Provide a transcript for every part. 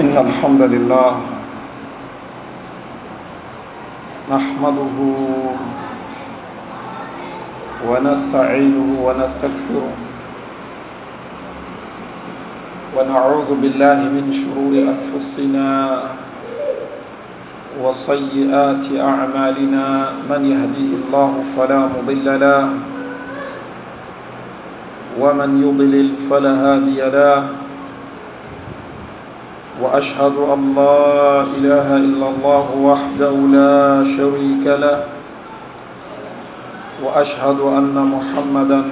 إن الحمد لله نحمده ونستعينه ونستغفره ونعوذ بالله من شرور أنفسنا وصيئات أعمالنا من يهدي الله فلا مضل له ومن يضلل فلا هادي له وأشهد أن لا إله إلا الله وحده لا شريك له وأشهد أن محمدا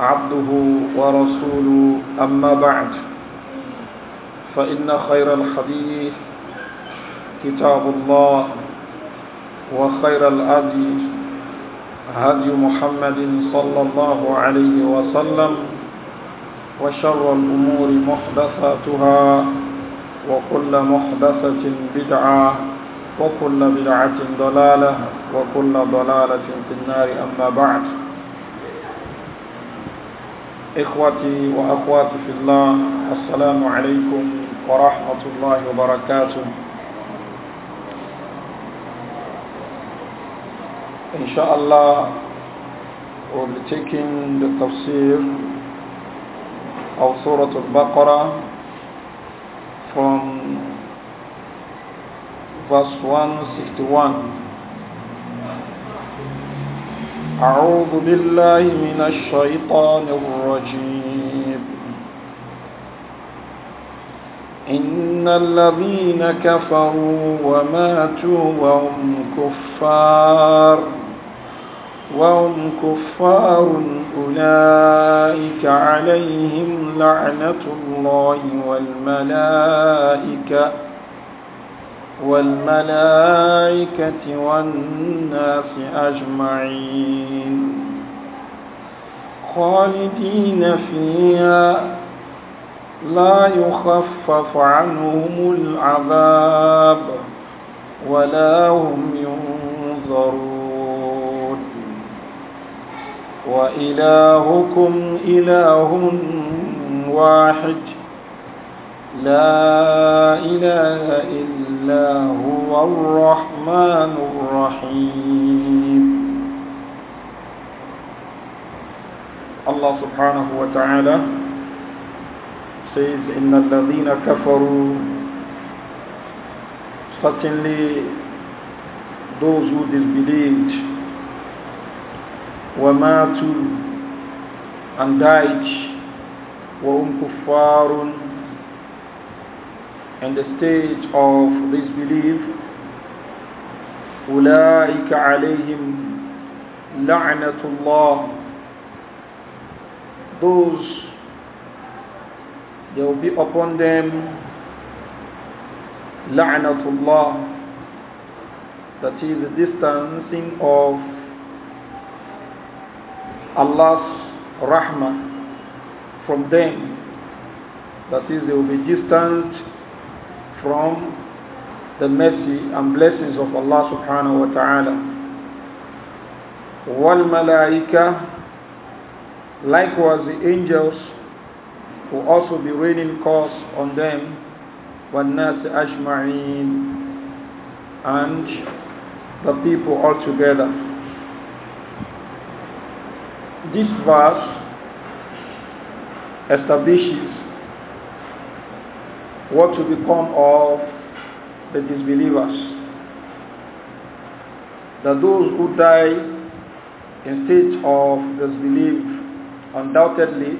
عبده ورسوله أما بعد فإن خير الحديث كتاب الله وخير الأدي هدي محمد صلى الله عليه وسلم وشر الأمور محدثاتها وكل محدثة بدعة وكل بدعة ضلالة وكل ضلالة في النار أما بعد إخوتي وأخواتي في الله السلام عليكم ورحمة الله وبركاته إن شاء الله we'll be taking the tafsir of Surah Al-Baqarah from verse 161. أعوذ بالله من الشيطان الرجيم إن الذين كفروا وماتوا وهم كفار وهم كفار أولئك عليهم لعنة الله والملائكة والملائكة والناس أجمعين خالدين فيها لا يخفف عنهم العذاب ولا هم ينظرون وإلهكم إله واحد لا إله إلا هو الرحمن الرحيم الله سبحانه وتعالى says إن الذين كفروا certainly those who disbelieved وماتوا and died وهم كفار and the stage of disbelief أولئك عليهم لعنة الله those there will be upon them لعنة الله that is the distancing of Allah's rahmah from them. That is, they will be distant from the mercy and blessings of Allah subhanahu wa ta'ala. وَالْمَلَائِكَةِ Likewise the angels will also be raining curse on them the Ashma'in And the people altogether this verse establishes what will become of the disbelievers. That those who die in state of disbelief, undoubtedly,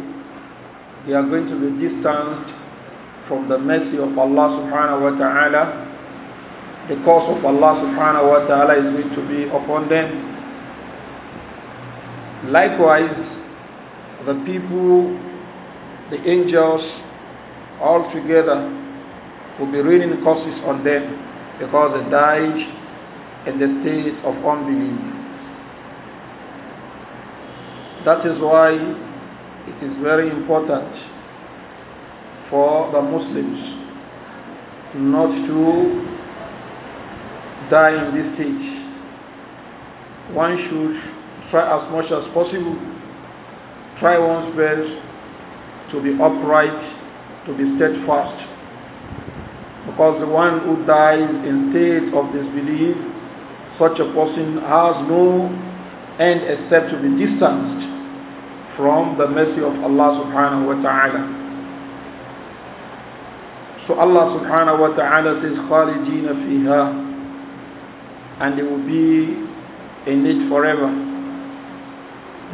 they are going to be distanced from the mercy of Allah subhanahu wa ta'ala. The cause of Allah subhanahu wa ta'ala is going to be upon them Likewise, the people, the angels, all together will be raining curses on them because they died in the state of unbelief. That is why it is very important for the Muslims not to die in this stage. One should Try as much as possible. Try one's best to be upright, to be steadfast. Because the one who dies in state of disbelief, such a person has no end except to be distanced from the mercy of Allah subhanahu wa ta'ala. So Allah subhanahu wa ta'ala says, خالدين فِيهَا And they will be in it forever.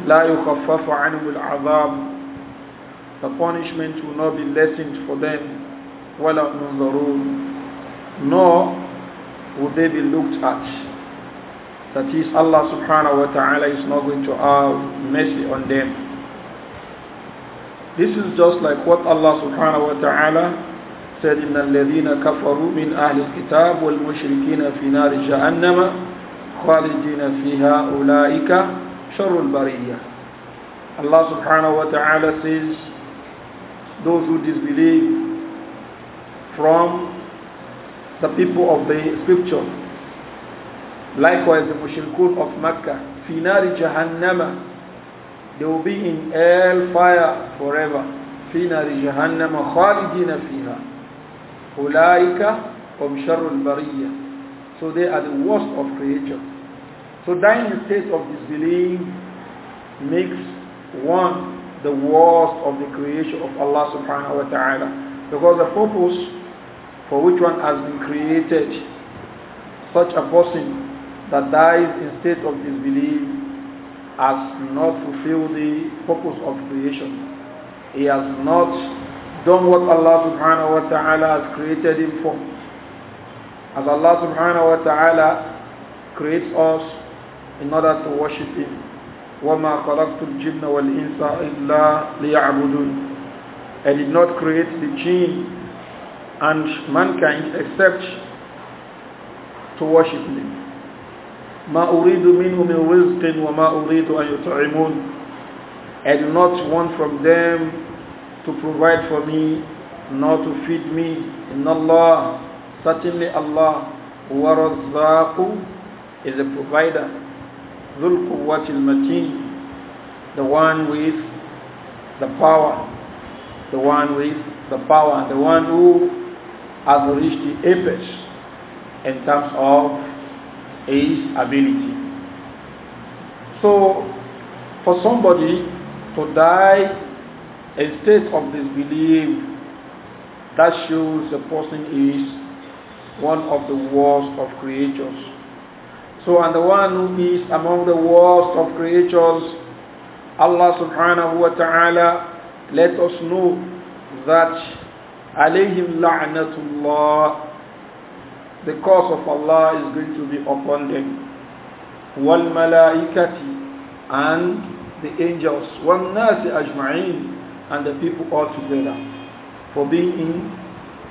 لا يخفف عنهم العذاب the punishment will not be lessened for them ولا ينظرون nor will they be looked at that is Allah subhanahu wa ta'ala is not going to have mercy on them this is just like what Allah subhanahu wa ta'ala said إن الذين كفروا من أهل الكتاب والمشركين في نار جهنم خالدين فيها أولئك شر البرية Allah subhanahu wa ta'ala says those who disbelieve from the people of the scripture likewise the mushrikun of Makkah في نار جهنم they will be in hell fire forever في نار جهنم خالدين فيها أولئك هم شر البرية so they are the worst of creatures so dying in state of disbelief makes one the worst of the creation of Allah subhanahu wa ta'ala. Because the purpose for which one has been created, such a person that dies in state of disbelief has not fulfilled the purpose of creation. He has not done what Allah subhanahu wa ta'ala has created him for. As Allah subhanahu wa ta'ala creates us in order to worship Him. وَمَا خَلَقْتُ الْجِنَّ وَالْإِنسَ إِلَّا لِيَعْبُدُونَ I did not create the jinn and mankind except to worship me. مَا أُرِيدُ مِنْهُ مِنْ رِزْقٍ وَمَا أُرِيدُ أَنْ يُطْعِمُونَ I do not want from them to provide for me, nor to feed me. In Allah, certainly Allah, who is the provider Dhul Quwwatil Mateen, the one with the power, the one with the power, the one who has reached the apex in terms of his ability. So, for somebody to die in state of disbelief, that shows the person is one of the worst of creatures. So, and the one who is among the worst of creatures, Allah subhanahu wa ta'ala, let us know that alayhim la'natullah, the curse of Allah is going to be upon them. Wal malaikati, and the angels, wal nasi ajma'in, and the people all together, for being in,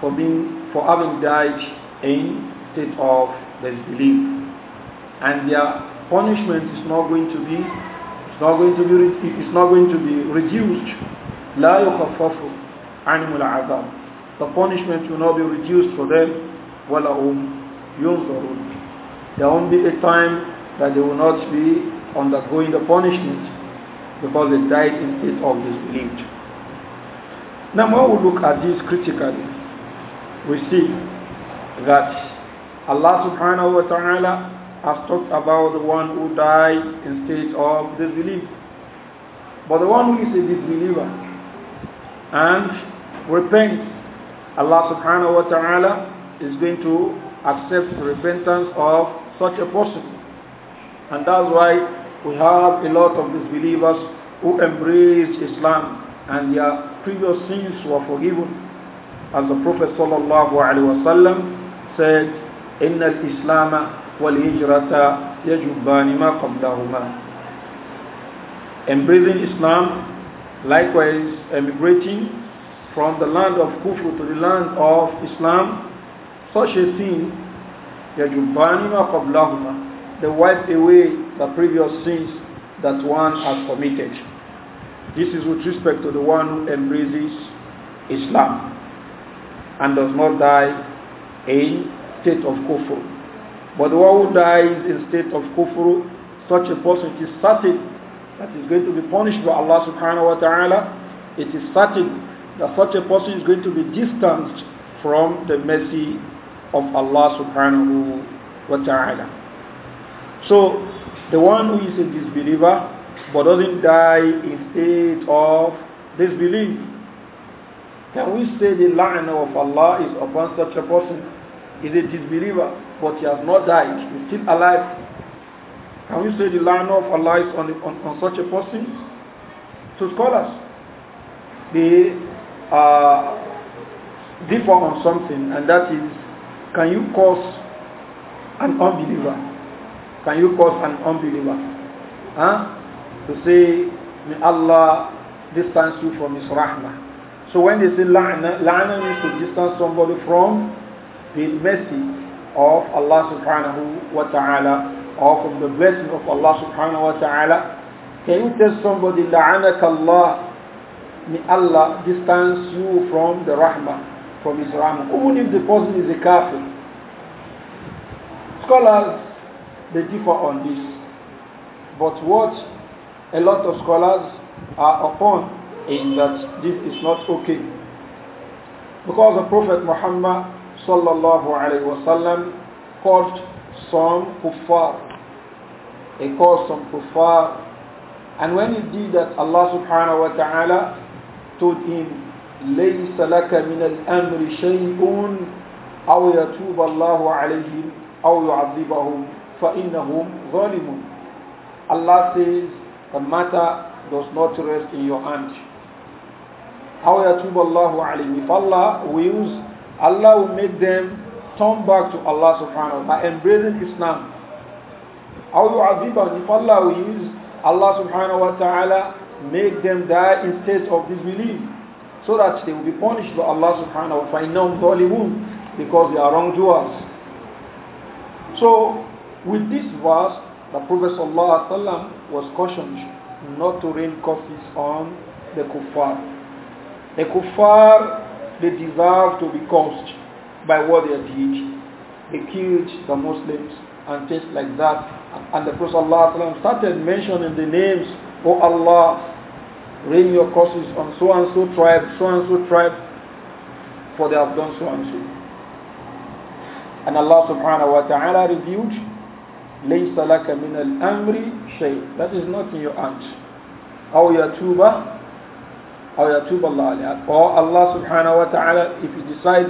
for being, for having died in state of disbelief and their punishment is not going to be it's not going to be it's not going to be reduced لا يخفف عنهم العذاب the punishment will not be reduced for them ولا هم ينظرون there won't be a time that they will not be undergoing the punishment because they died in state of disbelief now when we look at this critically we see that Allah subhanahu wa ta'ala has talked about the one who died in state of disbelief. But the one who is a disbeliever and repents, Allah subhanahu wa ta'ala is going to accept the repentance of such a person. And that's why we have a lot of disbelievers who embraced Islam and their previous sins were forgiven. As the Prophet sallallahu alaihi wasallam said, إن الإسلام والهجرة يجبان ما قبلهما Embracing Islam, likewise emigrating from the land of Kufr to the land of Islam, such a thing, يجبان ما قبلهما They wipe away the previous sins that one has committed. This is with respect to the one who embraces Islam and does not die in state of kufr. But the one who dies in state of kufru, such a person, it is certain that is going to be punished by Allah subhanahu wa ta'ala. It is certain that such a person is going to be distanced from the mercy of Allah subhanahu wa ta'ala. So the one who is a disbeliever but doesn't die in state of disbelief, can we say the la'na of Allah is upon such a person? Is a disbeliever but he has not died, he's still alive. Can we say the line of Allah is on, on, on such a person? To scholars, they uh, differ on something, and that is, can you cause an unbeliever? Can you cause an unbeliever? Huh? To say, may Allah distance you from His rahmah. So when they say la'na, la'na means to distance somebody from His mercy of Allah subhanahu wa ta'ala or from the blessing of Allah subhanahu wa ta'ala. Can you tell somebody, لَعَنَكَ اللَّهِ May Allah distance you from the rahmah, from His rahmah. Even if the person is a kafir. Scholars, they differ on this. But what a lot of scholars are upon is that this is not okay. Because the Prophet Muhammad sallallahu alaihi wasallam called some kuffar. He called some kuffar. And when he did that, Allah subhanahu wa ta'ala told him, ليس لك من الأمر شيء أو يتوب الله عليهم أو يعذبهم فإنهم ظالمون Allah says the matter does not rest in your hands. أو يتوب الله عليهم If Allah wills Allah will make them turn back to Allah subhanahu wa ta'ala by embracing Islam. How you Aziban, if Allah will use Allah subhanahu wa ta'ala, make them die instead of disbelief, so that they will be punished by Allah subhanahu wa ta'ala, because they are wrongdoers. So, with this verse, the Prophet sallallahu was cautioned not to rain coffees on the kuffar. The kuffar they deserve to be cursed by what they did. They killed the Muslims and things like that. And the Prophet ﷺ started mentioning the names, Oh Allah, rain your curses on so and so tribe, so and so tribe, for they have done so and so. And Allah subhanahu wa ta'ala reviewed, لَيْسَ لَكَ مِنَ الْأَمْرِ شَيْءٍ That is not in your hands. أَوْ يَتُوبَ أو يتوب الله عليه or Allah subhanahu wa ta'ala if he decides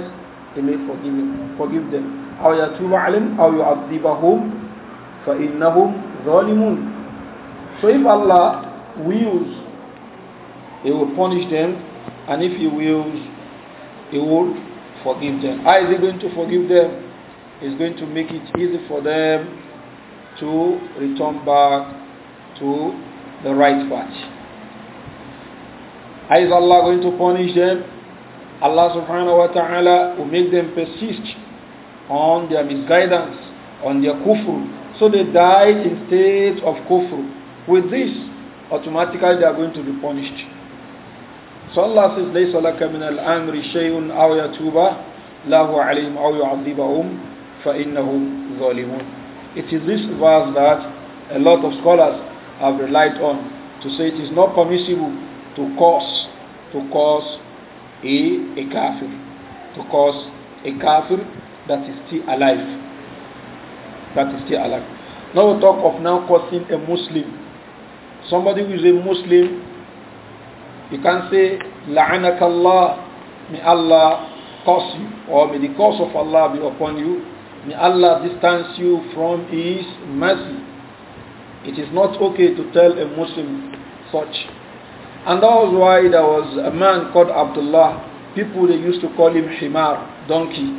he may forgive him forgive them أو يتوب عليهم أو يعذبهم فإنهم ظالمون so if Allah wills he will punish them and if he wills he will forgive them how is he going to forgive them is going to make it easy for them to return back to the right path. Is Allah going to punish them? Allah subhanahu wa ta'ala will make them persist on their misguidance, on their kufr. So they died in state of kufr. With this, automatically they are going to be punished. So Allah says, لَيْسَ لَكَ مِنَ الْأَمْرِ شَيْءٌ أَوْ يَتُوبَ لَهُ عَلَيْهِمْ أَوْ يُعَذِّبَهُمْ فَإِنَّهُمْ ظَالِمُون It is this verse that a lot of scholars have relied on to say it is not permissible to cause, to cause a, a kafir, to cause a kafir that is still alive. That is still alive. Now we talk of now causing a Muslim. Somebody who is a Muslim, you can say, La'anak Allah, may Allah curse you, or may the curse of Allah be upon you. May Allah distance you from His mercy. It is not okay to tell a Muslim such. And that was why there was a man called Abdullah. People they used to call him Himar, donkey,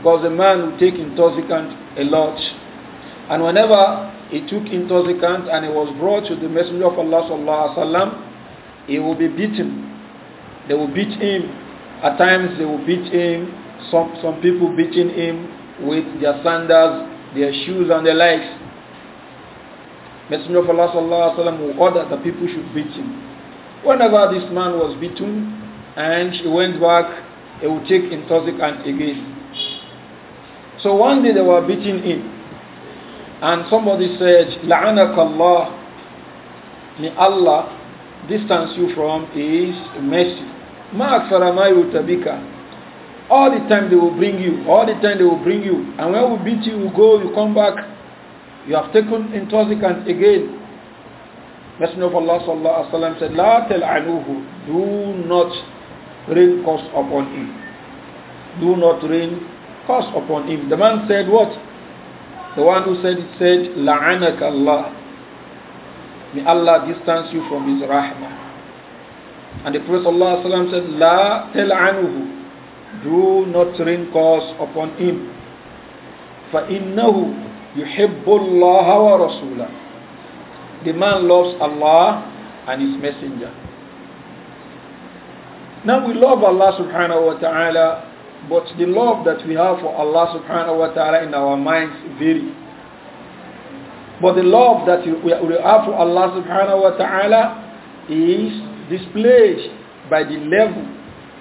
because the man would take intoxicant a lot. And whenever he took intoxicant and he was brought to the Messenger of Allah sallallahu alaihi wasallam, he would be beaten. They would beat him. At times they would beat him. Some some people beating him with their sandals, their shoes, and their legs. Messenger of Allah sallallahu alaihi wasallam would order that people should beat him. Whenever this man was beaten and he went back, he would take intoxicant again. So one day they were beating him. And somebody said, La'anakallah, Allah, may Allah distance you from his mercy. Ma'akfara tabika. All the time they will bring you, all the time they will bring you. And when we beat you, you go, you come back. You have taken intoxicant again. Messenger of Allah sallallahu alaihi wasallam said, "La anuhu, do not rain curse upon him. Do not rain curse upon him." The man said, "What?" The one who said it said, "La'anak Allah." May Allah distance you from His rahmah. And the Prophet sallallahu alaihi wasallam said, "La anuhu, do not rain curse upon him." yuhibbu Allah wa Rasulah." The man loves Allah and His Messenger. Now we love Allah subhanahu wa ta'ala, but the love that we have for Allah subhanahu wa ta'ala in our minds vary. But the love that we have for Allah subhanahu wa ta'ala is displayed by the level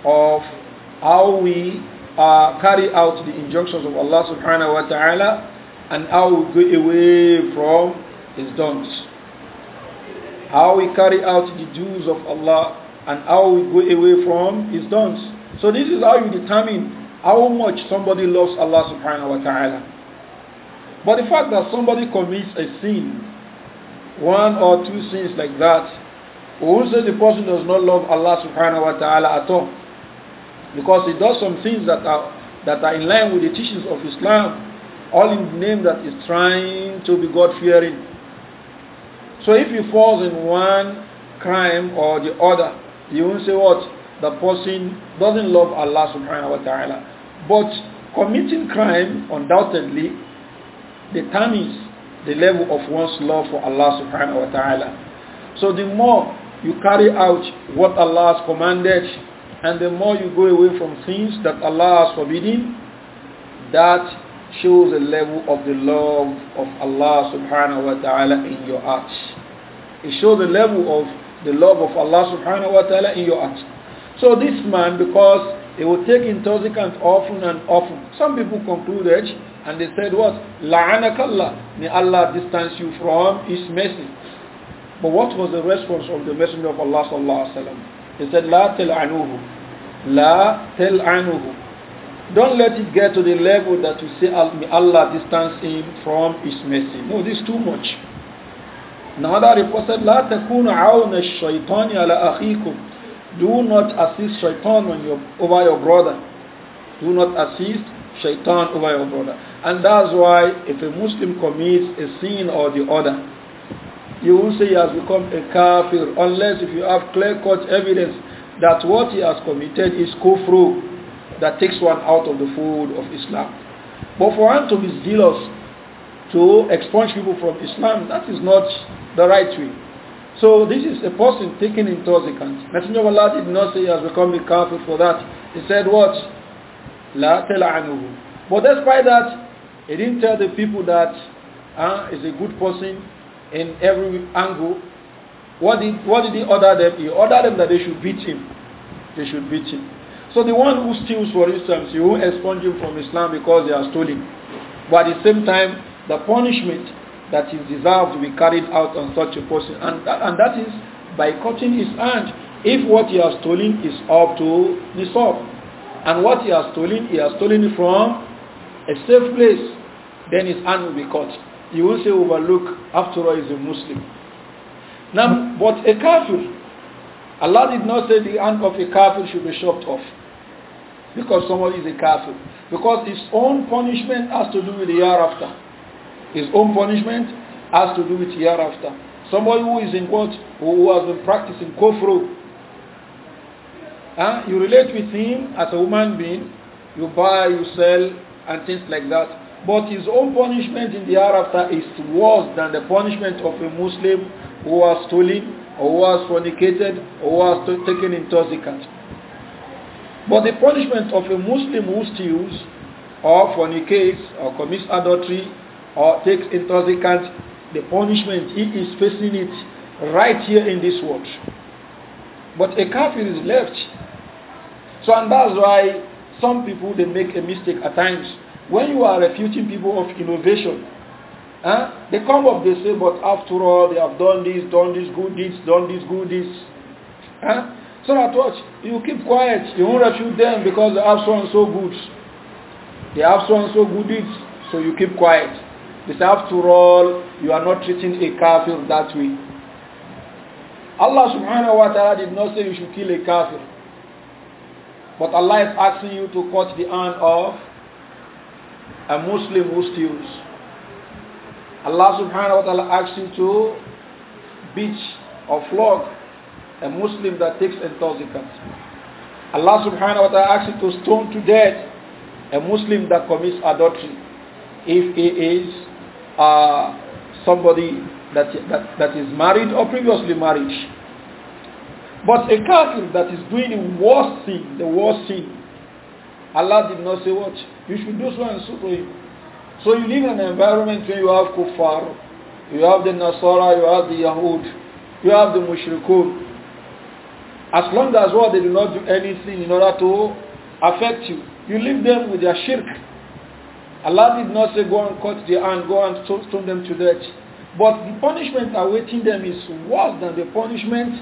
of how we uh, carry out the injunctions of Allah subhanahu wa ta'ala and how we go away from his don'ts how we carry out the dues of Allah, and how we go away from His dons. So this is how you determine how much somebody loves Allah subhanahu wa ta'ala. But the fact that somebody commits a sin, one or two sins like that, who says the person does not love Allah subhanahu wa ta'ala at all? Because he does some things that are that are in line with the teachings of Islam, all in the name that is trying to be God fearing. So if he falls in one crime or the other, you won't say what? The person doesn't love Allah subhanahu wa ta'ala. But committing crime undoubtedly determines the level of one's love for Allah subhanahu wa ta'ala. So the more you carry out what Allah has commanded and the more you go away from things that Allah has forbidden, that shows a level of the love of Allah subhanahu wa ta'ala in your hearts. It shows the level of the love of Allah subhanahu wa ta'ala in your heart. So this man, because he would take intoxicants often and often, some people concluded and they said what? La'anakallah. May Allah distance you from his mercy. But what was the response of the Messenger of Allah sallallahu alaihi wasallam? He said, La tel'anuhu. La tel'anuhu. Don't let it get to the level that you say, may Allah distance him from his mercy. No, this is too much. Another report said, لا تكون عون الشيطان على أخيكم. Do not assist shaitan over your brother. Do not assist shaitan over your brother. And that's why if a Muslim commits a sin or the other, you will say he has become a kafir unless if you have clear-cut evidence that what he has committed is kufru that takes one out of the fold of Islam. But for one to be zealous to expunge people from Islam, that is not the right way. So this is a person taking intoxicant. Messenger of Allah did not say he has become a kafir for that. He said what? La tela'anuhu. But despite that, he didn't tell the people that uh, a good person in every angle. What did, what did he order them? He ordered them that they should beat him. They should beat him. So the one who steals, for instance, you will expunge him from Islam because they are stealing. But at the same time, the punishment that is deserved to be carried out on such a person. And, and that is by cutting his hand if what he has stolen is up to nisab. And what he has stolen, he has stolen from a safe place, then his hand will be cut. You won't say overlook, after all he's a Muslim. Now, but a kafir, Allah did not say the hand of a kafir should be chopped off because somebody is a kafir. Because his own punishment has to do with the year after. His own punishment has to do with hereafter. Somebody who is in court, Who has been practicing kufru. Huh? You relate with him as a human being. You buy, you sell, and things like that. But his own punishment in the hereafter is worse than the punishment of a Muslim who has stolen, or who has fornicated, or who has taken intoxicant. But the punishment of a Muslim who steals, or fornicates, or commits adultery, or takes into account the punishment, he is facing it right here in this world. But a kafir is left. So, and that's why some people they make a mistake at times. When you are refuting people of innovation, huh, they come up, they say, but after all, they have done this, done this, good deeds, done this, good deeds. Huh? So at what? You keep quiet. You won't refute them because they have so and so good, They have so and so good deeds. So you keep quiet. They after all, you are not treating a kafir that way. Allah subhanahu wa ta'ala did not say you should kill a kafir. But Allah is asking you to cut the hand of a Muslim who steals. Allah subhanahu wa ta'ala asks you to beat or flog a Muslim that takes intoxicants. Allah subhanahu wa ta'ala asks you to stone to death a Muslim that commits adultery if he is uh, somebody that, that, that is married or previously married. But a kafir that is doing the worst sin, the worst sin, Allah did not say what? You should do so and so to him. So you live in an environment where you have kuffar, you have the Nasara, you have the Yahud, you have the Mushrikun. As long as what well, they do not do anything in order to affect you, you leave them with their shirk Allah did not say go and cut their hand, go and stone them to death. But the punishment awaiting them is worse than the punishment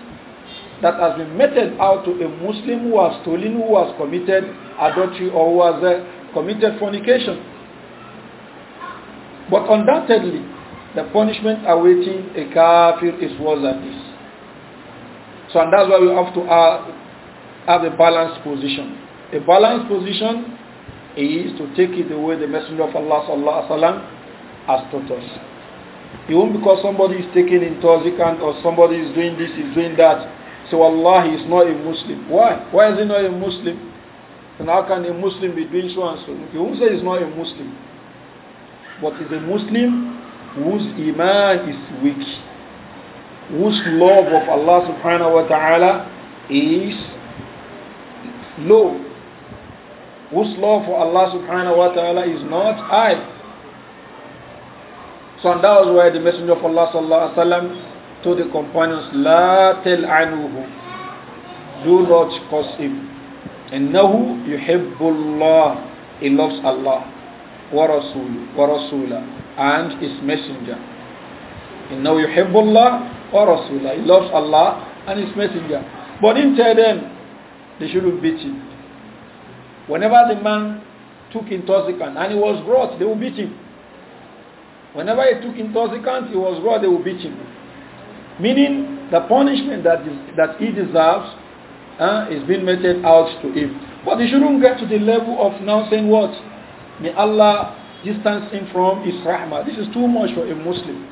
that has been meted out to a Muslim who has stolen, who has committed adultery or who has uh, committed fornication. But undoubtedly, the punishment awaiting a kafir is worse than this. So and that's why we have to have a balanced position. A balanced position is to take it the way the Messenger of Allah sallallahu alaihi wasallam has taught us. Even won't because somebody is taking intoxicant or somebody is doing this, is doing that. So Allah is not a Muslim. Why? Why is he not a Muslim? And how can a Muslim be doing so and so? He won't say he's not a Muslim. But he's a Muslim whose iman is weak, whose love of Allah subhanahu wa ta'ala is low whose law for Allah subhanahu wa ta'ala is not I. So and that was where the Messenger of Allah sallallahu alaihi wasallam told the companions, La tel anuhu, do not curse him. إنه يحب الله He loves Allah ورسوله ورسوله and His Messenger. إنه يحب الله ورسوله He loves Allah and His Messenger. But did tell them they shouldn't beat him. Whenever the man took intoxicant and he was brought, they would beat him. Whenever he took intoxicant, he was brought, they would beat him. Meaning the punishment that, is, that he deserves uh, is being meted out to him. But he shouldn't get to the level of now saying what? May Allah distance him from his rahmah. This is too much for a Muslim.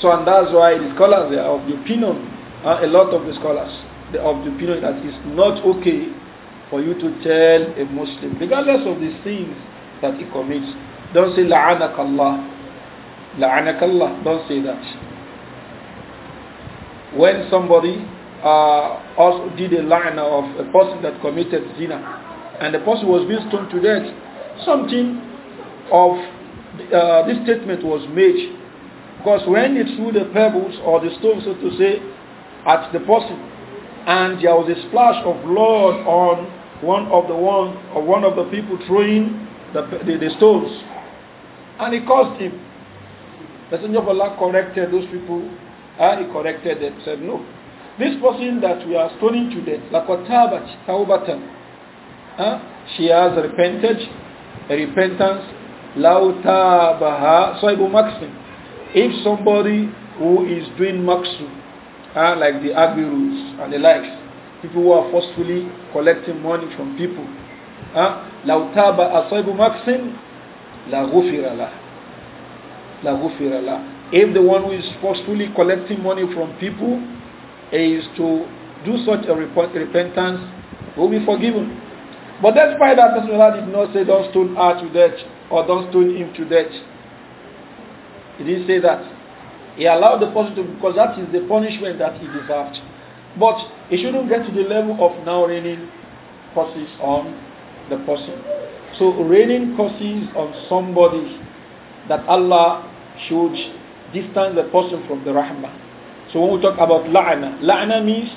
So and that's why the scholars are of the opinion, uh, a lot of the scholars, of the opinion that it's not okay for you to tell a Muslim, regardless of the sins that he commits. Don't say la'anakallah. Allah. Don't say that. When somebody uh, also did a line of a person that committed zina, and the person was being stoned to death, something of uh, this statement was made. Because when they threw the pebbles or the stones, so to say, at the person, and there was a splash of blood on one of the one or one of the people throwing the, the, the stones, and it caused him. Messenger of Allah corrected those people. Uh, he corrected them. Said no, this person that we are stoning today, lakotabat taubatan, uh, she has repented, a repentance, lautabaha, sahibu maxim If somebody who is doing maximum uh, like the agri rules and the likes, people who are forcefully collecting money from people. Ah, la تاب أصيب مكسن la له la له If the one who is forcefully collecting money from people is to do such a repentance, will be forgiven. But despite that, Rasulullah did not say, don't stone her to death or don't stone him to death. He didn't say that. He allowed the person to, because that is the punishment that he deserved. But he shouldn't get to the level of now raining curses on the person. So raining curses on somebody that Allah should distance the person from the rahmah. So when we talk about la'na, la'na means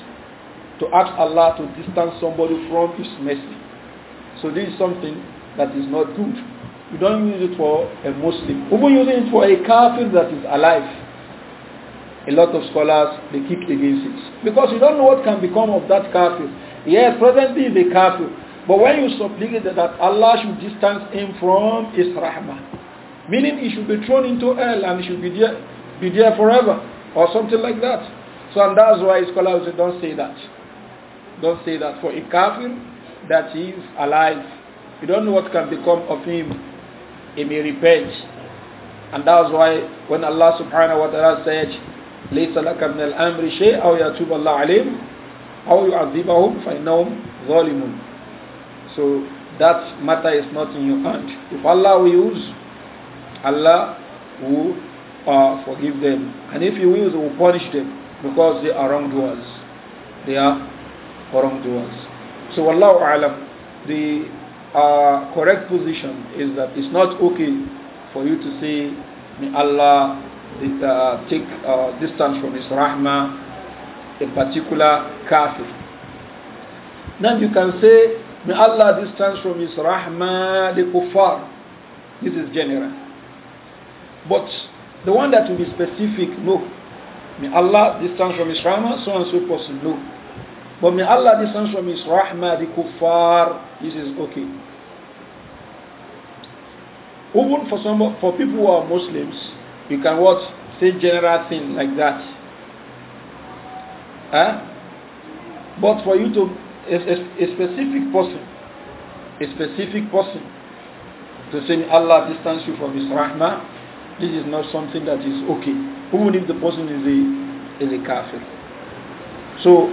to ask Allah to distance somebody from his mercy. So this is something that is not good. You don't use it for a Muslim. Even using it for a kafir that is alive a lot of scholars they kick against it because you don't know what can become of that kafir. Yes, presently the kafir, but when you supplicate that Allah should distance him from his rahmah, meaning he should be thrown into hell and he should be there, be there forever or something like that. So and that's why scholars say don't say that, don't say that for a kafir that is alive. You don't know what can become of him. He may repent. And that's why when Allah subhanahu wa ta'ala said, ليس لك من الأمر شيء أو يتوب الله عليهم أو يعذبهم فإنهم ظالمون so that matter is not in your hand if Allah wills Allah will uh, forgive them and if he wills he will punish them because they are wrongdoers they are wrongdoers so Allah alam the uh, correct position is that it's not okay for you to say may Allah uh, take uh, distance from his rahmah, a particular kafir. Then you can say, may Allah distance from his rahmah the kuffar. This is general. But the one that will be specific, no. May Allah distance from his rahmah, so and so person, no. But may Allah distance from his rahmah the kuffar, this is okay. Even for some, for people who are Muslims, you can what? Say general thing like that. Huh? But for you to, a, a, a specific person, a specific person, to say Allah distance you from His rahmah, this is not something that is okay. Even if the person is a, is a kafir. So,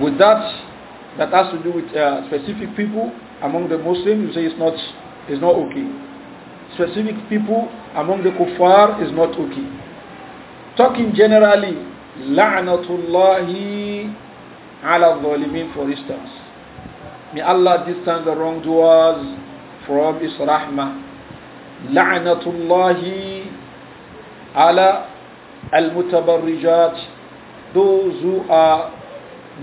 with that, that has to do with uh, specific people among the Muslims, you say it's not, it's not okay specific people among the kuffar is not okay. Talking generally, la'natullahi ala zalimin for instance. May Allah distance the wrongdoers from His rahmah. La'natullahi ala al-mutabarrijat. Those who are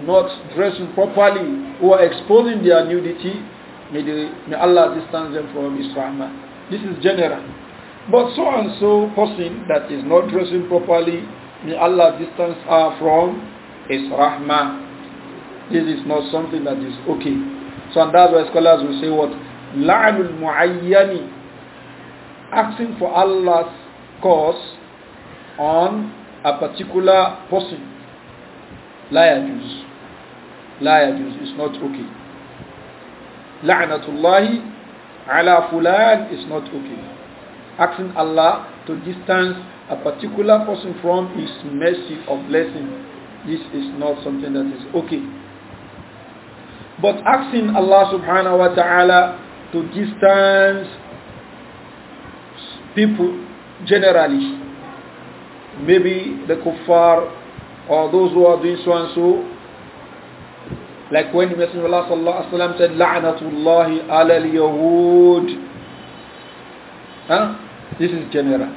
not dressing properly, who are exposing their nudity, may, may Allah distance them from His rahmah. This is general. But so and so person that is not dressing properly, may Allah distance her from his rahmah. This is not something that is okay. So and that's why scholars will say what? La'anul mu'ayyani. Asking for Allah's cause on a particular person. Liar Jews. Liar Jews. is not okay. La'natullahi ala fulan is not okay. Asking Allah to distance a particular person from his mercy or blessing, this is not something that is okay. But asking Allah subhanahu wa ta'ala to distance people generally, maybe the kuffar or those who are doing so and so like when the Messenger of Allah sallallahu alayhi wa said, La'natullahi ala al-Yahud. Huh? This is general,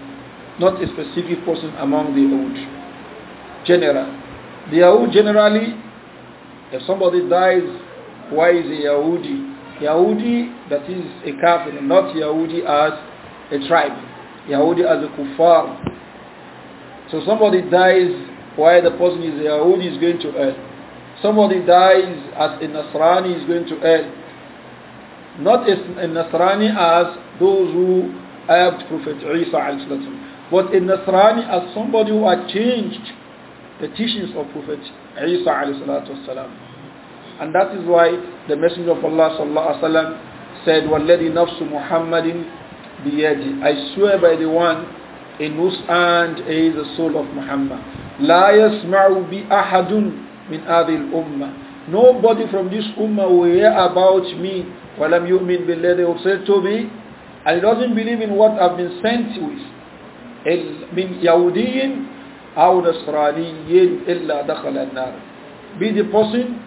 not a specific person among the Yahud. General. The Yahud generally, if somebody dies, why is a Yahudi? Yahudi, that is a kafir, not Yahudi as a tribe. Yahudi as a kuffar. So somebody dies, why the person is a Yahudi is going to earth somebody dies as a Nasrani is going to hell. Not as a Nasrani as those who helped Prophet Isa but a Nasrani as somebody who had changed the teachings of Prophet Isa And that is why the Messenger of Allah sallallahu alaihi wasallam said, "Walladhi nafsu Muhammadin biyadi." I swear by the one in whose hand is the soul of Muhammad. لا يسمع بأحد min hadhihi ummah Nobody from this ummah will hear about me وَلَمْ يُؤْمِنْ بِالَّذِي أُرْسِلْتُ to And he doesn't believe in what I've been sent with من يهودي أو نصراني إلا دخل النار Be the person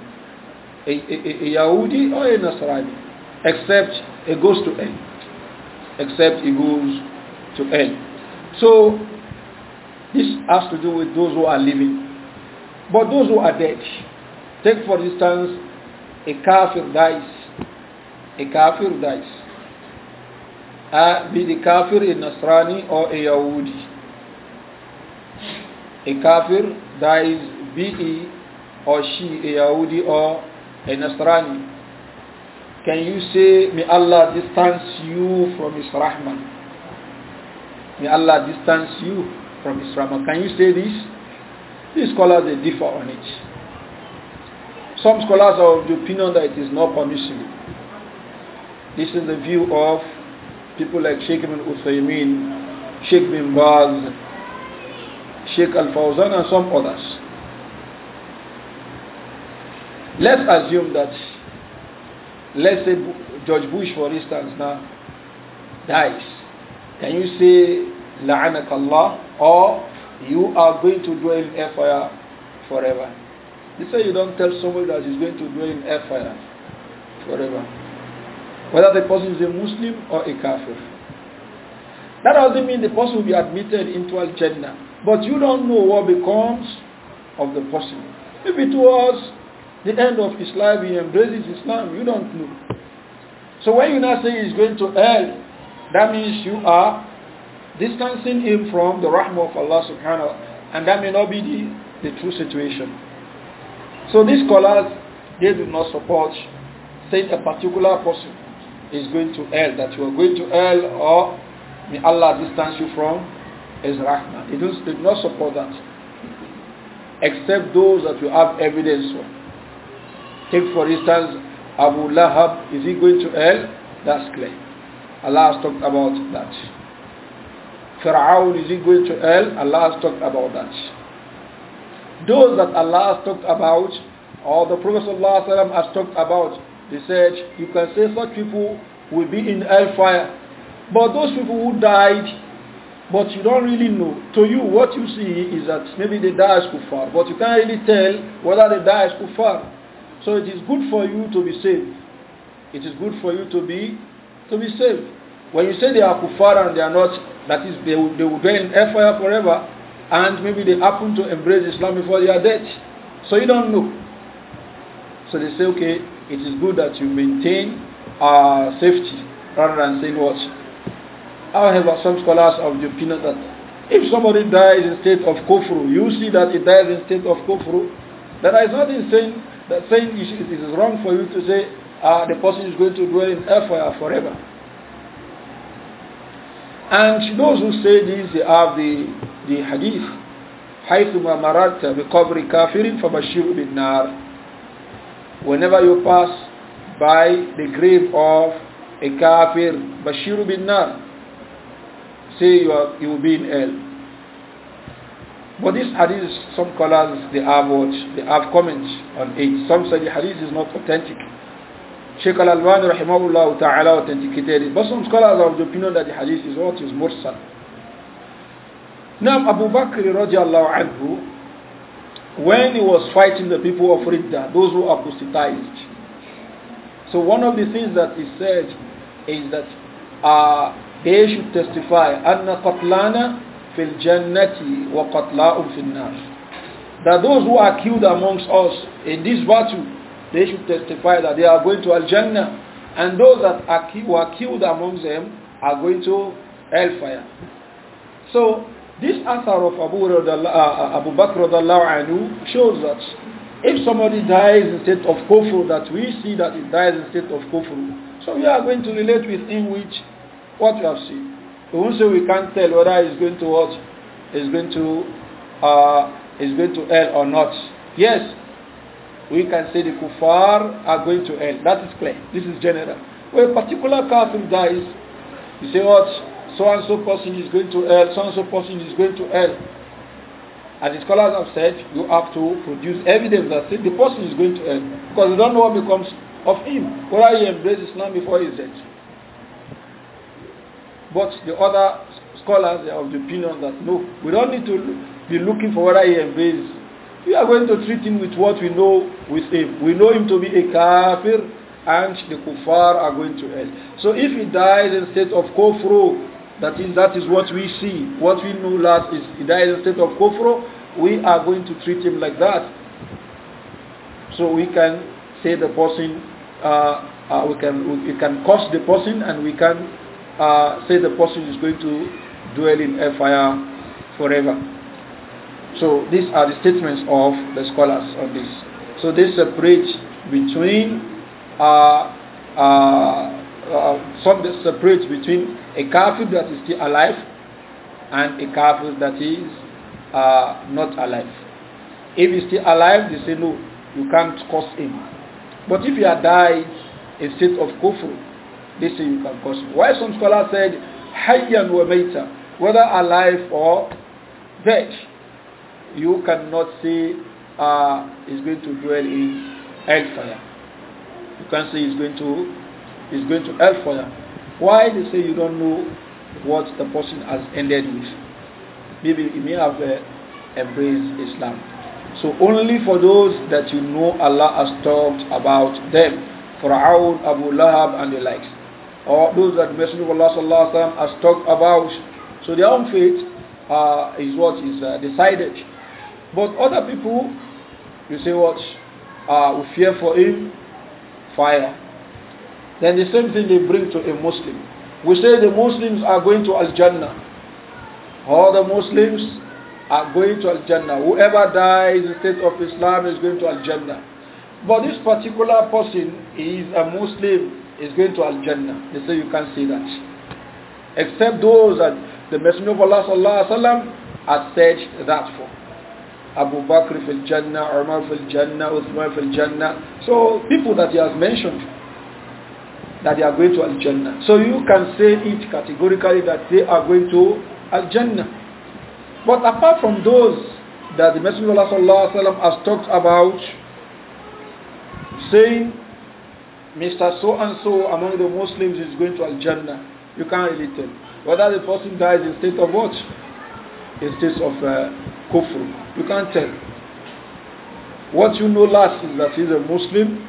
a, a, a Yahudi or a Nasrani except it goes to hell except it goes to hell so this has to do with those who are living but those who are dead, take for instance, a kafir dies. A kafir dies. Uh, be the kafir a Nasrani or a Yahudi. A kafir dies, be he or she a Yahudi or a Nasrani. Can you say, may Allah distance you from His Rahman? May Allah distance you from His Rahman. Can you say this? These scholars, they differ on it. Some scholars are of the opinion that it is not permissible. This is the view of people like Sheikh Ibn Uthaymeen, Sheikh Bin Baz, Sheikh Al Fawzan, and some others. Let's assume that, let's say George Bush, for instance, now dies. Can you say, La'anak Allah, or you are going to dwell in air fire forever. You say you don't tell somebody that he's going to dwell in air fire forever. Whether the person is a Muslim or a kafir. That doesn't mean the person will be admitted into Al-Jannah. But you don't know what becomes of the person. Maybe towards the end of his life he embraces Islam. You don't know. So when you now say he's going to hell, that means you are distancing him from the rahmah of Allah subhanahu wa ta'ala. And that may not be the, the true situation. So these scholars, they do not support saying a particular person is going to hell, that you are going to hell or may Allah distance you from his rahmah. They do, they do not support that. Except those that you have evidence for. Take for instance, Abu Lahab, is he going to hell? That's clear. Allah has talked about that. Fir'aun, is he going to hell? Allah has talked about that. Those that Allah has talked about, or the Prophet ﷺ has talked about, they said, you can say such people will be in hellfire. But those people who died, but you don't really know. To you, what you see is that maybe they die as kuffar, but you can't really tell whether they die as kuffar. So it is good for you to be saved. It is good for you to be to be saved. When you say they are kufara and they are not, that is, they will, they will in fire forever, and maybe they happen to embrace Islam before they are dead. So you don't know. So they say, okay, it is good that you maintain uh, safety rather than saying what. However, some scholars of the opinion that if somebody dies in state of kufru, you see that he dies in state of kufru, then there is nothing saying that saying it is wrong for you to say uh, the person is going to dwell in hellfire forever. And those who say this, they have the, the hadith. حَيْثُمَا مَرَدْتَ بِقَبْرِ كَافِرٍ فَبَشِّرُ بِالنَّارِ Whenever you pass by the grave of a kafir, بَشِّرُ بِالنَّارِ Say you, are, you will be in hell. But this hadith, some scholars, they have what? They have comments on it. Some say the hadith is not authentic. Sheikh Al-Albani rahimahullah ta'ala authenticated it. But some scholars are of the opinion that the hadith is what is mursal. Now Abu Bakr radiallahu anhu, when he was fighting the people of Ridda, those who apostatized, so one of the things that he said is that uh, they should testify أَنَّ قَتْلَانَ فِي الْجَنَّةِ وَقَتْلَاءٌ فِي النَّارِ That those who are killed amongst us in this battle they should testify that they are going to Al-Jannah. And those that are, were killed among them are going to hellfire. So this answer of Abu, uh, Abu Bakr anhu shows that if somebody dies in state of kufr, that we see that he dies in state of kufr, so we are going to relate with him which what we have seen. We won't say we can't tell whether he's going to what is going to uh, is going to hell or not. Yes, we can say the kuffar are going to hell. That is clear. This is general. When a particular kafir dies, you say what? Oh, so and so person is going to hell, so and so person is going to hell. As the scholars have said, you have to produce evidence that the person is going to hell. Because you don't know what becomes of him, whether he embraced Islam before his death. But the other scholars are of the opinion that no, we don't need to be looking for whether he embraced we are going to treat him with what we know with him. We know him to be a kafir and the kuffar are going to hell. So if he dies in state of kufru, that is, that is what we see. What we know last is he dies in state of kufru, we are going to treat him like that. So we can say the person, uh, uh, we can we can curse the person and we can uh, say the person is going to dwell in a fire forever. So these are the statements of the scholars on this. So they separate between uh, uh, uh some separate between a kafir that is still alive and a kafir that is uh, not alive. If he's still alive, they say no, you can't curse him. But if he had died in state of kufr, they say you can curse him. Why some scholars said hayyan wa maita, whether alive or dead you cannot say uh, he's going to dwell in hellfire. You can't say he's going to he's going to hellfire. Why they say you don't know what the person has ended with? Maybe he may have uh, embraced Islam. So only for those that you know Allah has talked about them, Fir'aun, Abu Lahab and the likes. Or those that Messenger of Allah sallallahu has talked about. So their own fate uh, is what is uh, decided but other people, you say what? Uh, we fear for him, fire. Then the same thing they bring to a Muslim. We say the Muslims are going to Al Jannah. All the Muslims are going to Al Jannah. Whoever dies in the state of Islam is going to Al Jannah. But this particular person is a Muslim, is going to Al Jannah. They say you can't say that. Except those that the Messenger of Allah sallallahu has said that for. Abu Bakr fil Jannah, Umar fil Jannah, Uthman fil Jannah. So people that he has mentioned that they are going to Al-Jannah. So you can say it categorically that they are going to Al-Jannah. But apart from those that the Messenger of Allah sallam, has talked about, saying Mr. So-and-so among the Muslims is going to Al-Jannah, you can't really tell. Whether the person dies in state of what? In state of uh, kufr. You can't tell. What you know last is that he's a Muslim,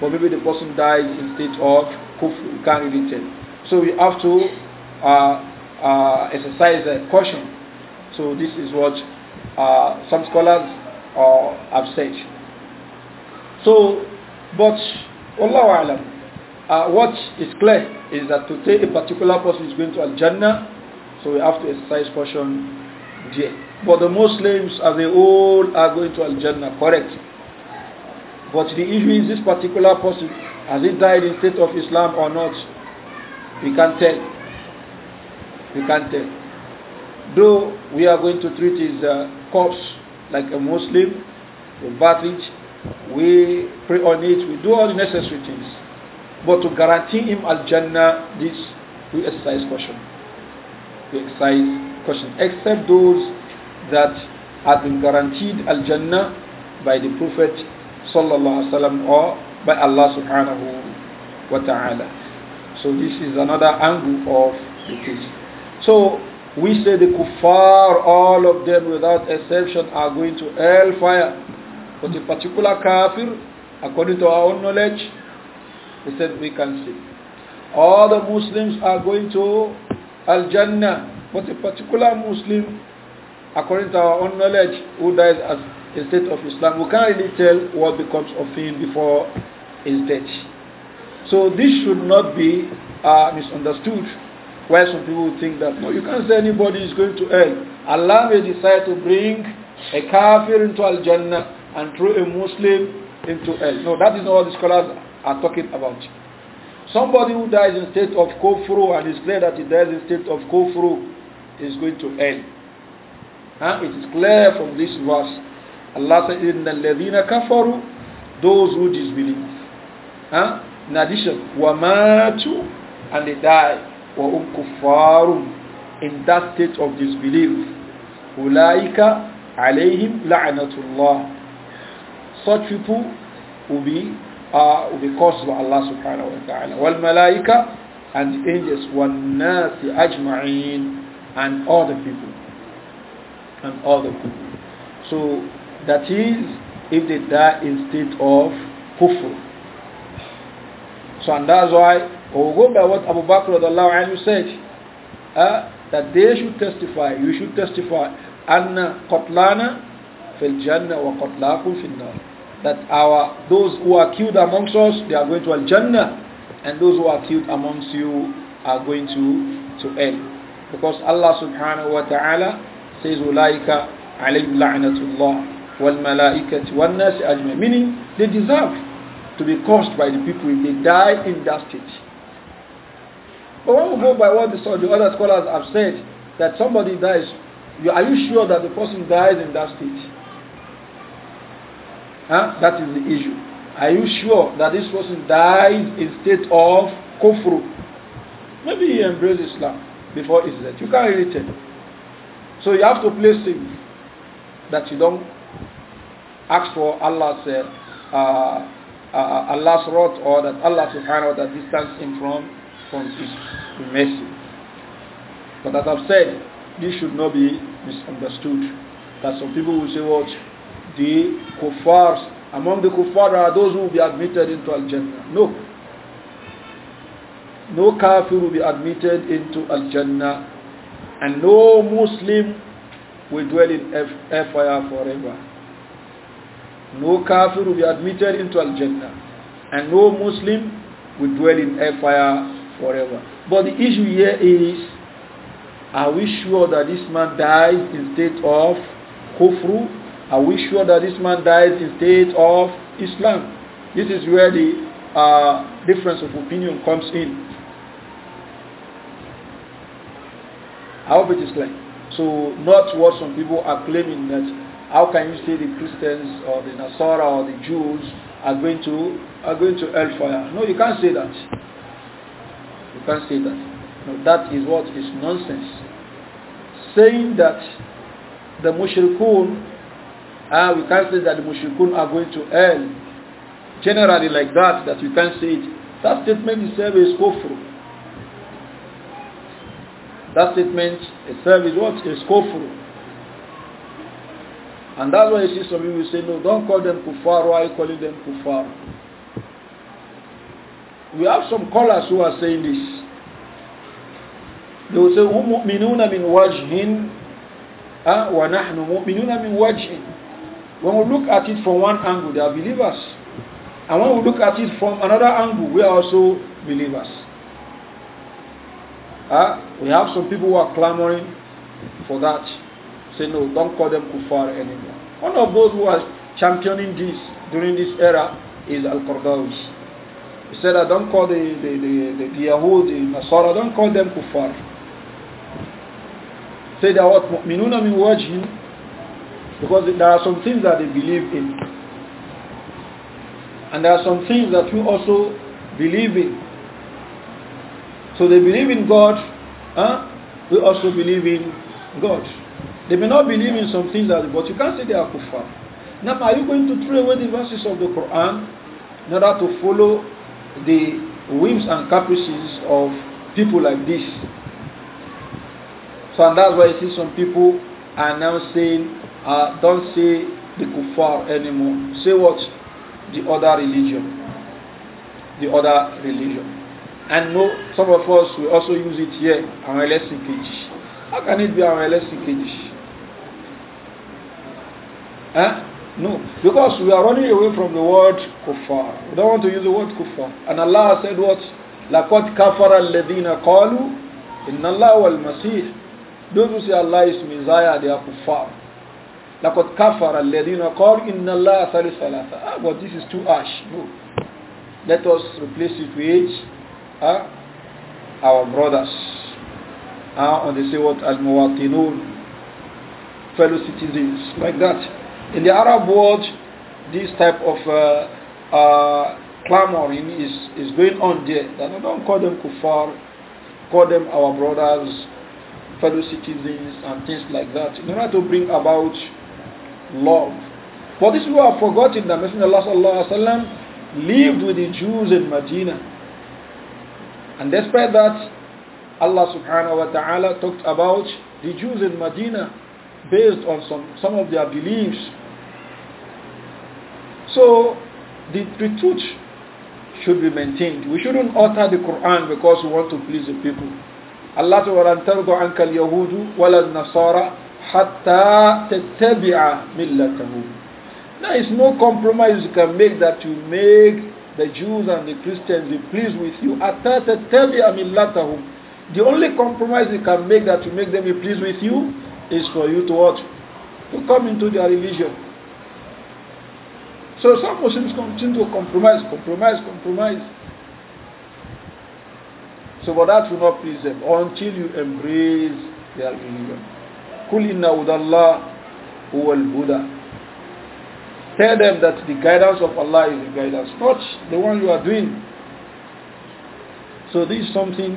but maybe the person dies in state of kufr. You can't really tell. So we have to uh, uh, exercise caution. So this is what uh, some scholars uh, have said. So, but Allah alam, uh, what is clear is that to take a particular person is going to Al Jannah, so we have to exercise caution the, but the Muslims as a whole are going to Al-Jannah, correct. But the issue is this particular person, has he died in state of Islam or not? We can't tell. We can't tell. Though we are going to treat his uh, corpse like a Muslim, we bathe it, we pray on it, we do all the necessary things. But to guarantee him Al-Jannah, this we exercise caution the excise question, except those that have been guaranteed al-Jannah by the Prophet sallallahu alaihi wasallam or by Allah subhanahu wa ta'ala. So this is another angle of the case. So we say the kuffar, all of them without exception are going to hellfire. But a particular kafir, according to our own knowledge, he said we can see. All the Muslims are going to Al Jannah. But a particular Muslim, according to our own knowledge, who dies as a state of Islam, we can't really tell what becomes of him before his death. So this should not be uh, misunderstood. Why some people think that no, you can't say anybody is going to hell. Allah may decide to bring a kafir into Al Jannah and throw a Muslim into hell. No, that is not what the scholars are talking about. Somebody who dies in state of kufru and is clear that he dies in state of kufru is going to hell. Huh? It is clear from this verse. Allah said, Inna alladhina kafaru, those who disbelieve. Huh? In addition, wamatu, and they die, wa um kuffarum, in that state of disbelief. Ulaika alayhim la'natullah. Such people will be because of Allah subhanahu wa ta'ala. Wal malaika and the angels, wal nasi ajma'in and all the people. And all the people. So that is if they die in state of kufr. So and that's why we'll oh, go by what Abu Bakr anhu said. Uh, that they should testify, you should testify. أن قتلانا في الجنة وقتلاكم في النار that our those who are killed amongst us they are going to al jannah and those who are killed amongst you are going to to hell because Allah subhanahu wa ta'ala says ulaika alayhim la'natullah wal malaikati wan nas ajma'in meaning they deserve to be cursed by the people if they die in that state but when we go by what the, the other scholars have said that somebody dies you, are you sure that the person dies in that state Huh? That is the issue. Are you sure that this person died in state of kufru? Maybe he embraced Islam before his death. You can't really tell. So you have to place him that you don't ask for Allah's uh, uh, uh Allah's wrath or that Allah subhanahu wa ta'ala distance him from from his mercy. But as I've said, this should not be misunderstood. That some people will say, what? Well, the kuffars. Among the kuffar are those who will be admitted into Al-Jannah. No. No kafir will be admitted into Al-Jannah. And no Muslim will dwell in fire forever. No kafir will be admitted into Al-Jannah. And no Muslim will dwell in fire forever. But the issue here is, are we sure that this man dies in state of kufru are we sure that this man died in state of Islam? This is where the uh, difference of opinion comes in. I hope it is clear. So not what some people are claiming that how can you say the Christians or the Nasara or the Jews are going to are going to hellfire? No, you can't say that. You can't say that. No, that is what is nonsense. Saying that the mushrikun ah, we can't say that the mushrikun are going to hell. Generally like that, that we can't say it. That statement itself is kufr. That statement itself is what? Is kufr. And that's why you see some people say, no, don't call them kufar. Why are you calling them kufar? We have some callers who are saying this. They will say, هم مؤمنون من وجه ونحن مؤمنون من وجه when we look at it from one angle, they are believers. And when we look at it from another angle, we are also believers. Uh, we have some people who are clamoring for that. Say, no, don't call them kuffar anymore. One of those who are championing this during this era is Al-Qardawi. He said, I don't call the, the, the, the, the Yahud, the Nasara, don't call them kuffar. Say they are what? مؤمنون because there are some things that they believe in. And there are some things that you also believe in. So they believe in God. Huh? We also believe in God. They may not believe in some things, that, but you can't say they are kuffar. Now, are you going to throw away the verses of the Quran in order to follow the whims and caprices of people like this? So, and that's why you see some people are now saying uh, don't say the kuffar anymore. Say what? The other religion. The other religion. And no, some of us will also use it here, our lesson cage. How can it be our lesson cage? Huh? No, because we are running away from the word kuffar. We don't want to use the word kuffar. And Allah said what? لَقَدْ كَفَرَ الَّذِينَ قَالُوا إِنَّ اللَّهَ وَالْمَسِيحِ Those who say Allah is Messiah, they are kuffar. لَقَدْ كَفَرَ الَّذِينَ قَالُوا إِنَّ اللَّهَ ثَالِثُ ثَلَاثَةٍ Ah, but this is too harsh. No. Let us replace it with ah, our brothers. Ah, and they say what? Al-Muwatinun. Fellow citizens. Like that. In the Arab world, this type of uh, uh, clamoring is, is going on there. That don't call them kuffar, call them our brothers, fellow citizens, and things like that. In order to bring about love. But these people have forgotten that Messenger of Allah lived with the Jews in Medina. And despite that, Allah subhanahu wa ta'ala talked about the Jews in Medina based on some, some of their beliefs. So the, the truth should be maintained. We shouldn't alter the Quran because we want to please the people. Allah ta'ala antardu anka al-yahudu nasara hatta tattabi'a millatahu. There is no compromise you can make that you make the Jews and the Christians be pleased with you. Hatta tattabi'a millatahum. The only compromise you can make that will make them be pleased with you is for you to what? To come into their religion. So some Muslims continue to compromise, compromise, compromise. So, but that will not please them until you embrace their religion. قل إن هدى الله هو الهدى Tell them that the guidance of Allah is the guidance, not the one you are doing. So this is something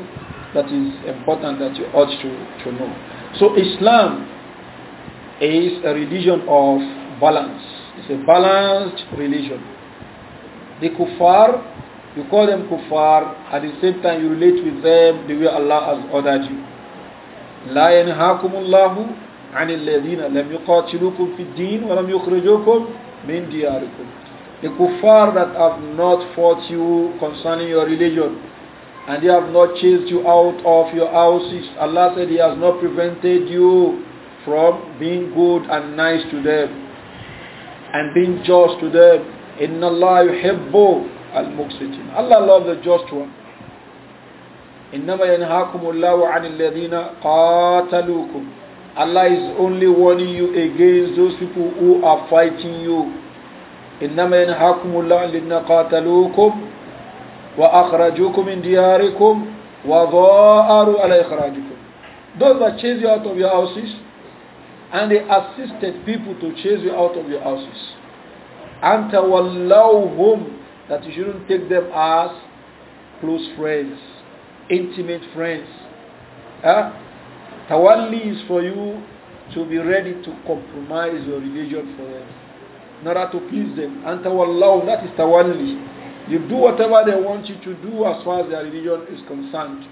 that is important that you ought to, to know. So Islam is a religion of balance. It's a balanced religion. The kuffar, you call them kuffar, at the same time you relate with them the way Allah has ordered you. لا ينهاكم الله عن الذين لم يقاتلوكم في الدين ولم يخرجوكم من دياركم The kuffar that have not fought you concerning your religion and they have not chased you out of your houses. Allah said He has not prevented you from being good and nice to them and being just to them. Inna Allah yuhibbu al-muqsitin. Allah loves the just one. إنما ينهاكم الله عن الذين قاتلوكم Allah is only warning you against those people who are fighting you إنما ينهاكم الله عن الذين قاتلوكم وأخرجوكم من دياركم وظاهروا على إخراجكم Those that chase you out of your houses and they assisted people to chase you out of your houses أنت واللوهم that you shouldn't take them as close friends intimate friends. Huh? Tawalli is for you to be ready to compromise your religion for them in order to please them. And tawallahu, that is tawalli. You do whatever they want you to do as far as their religion is concerned.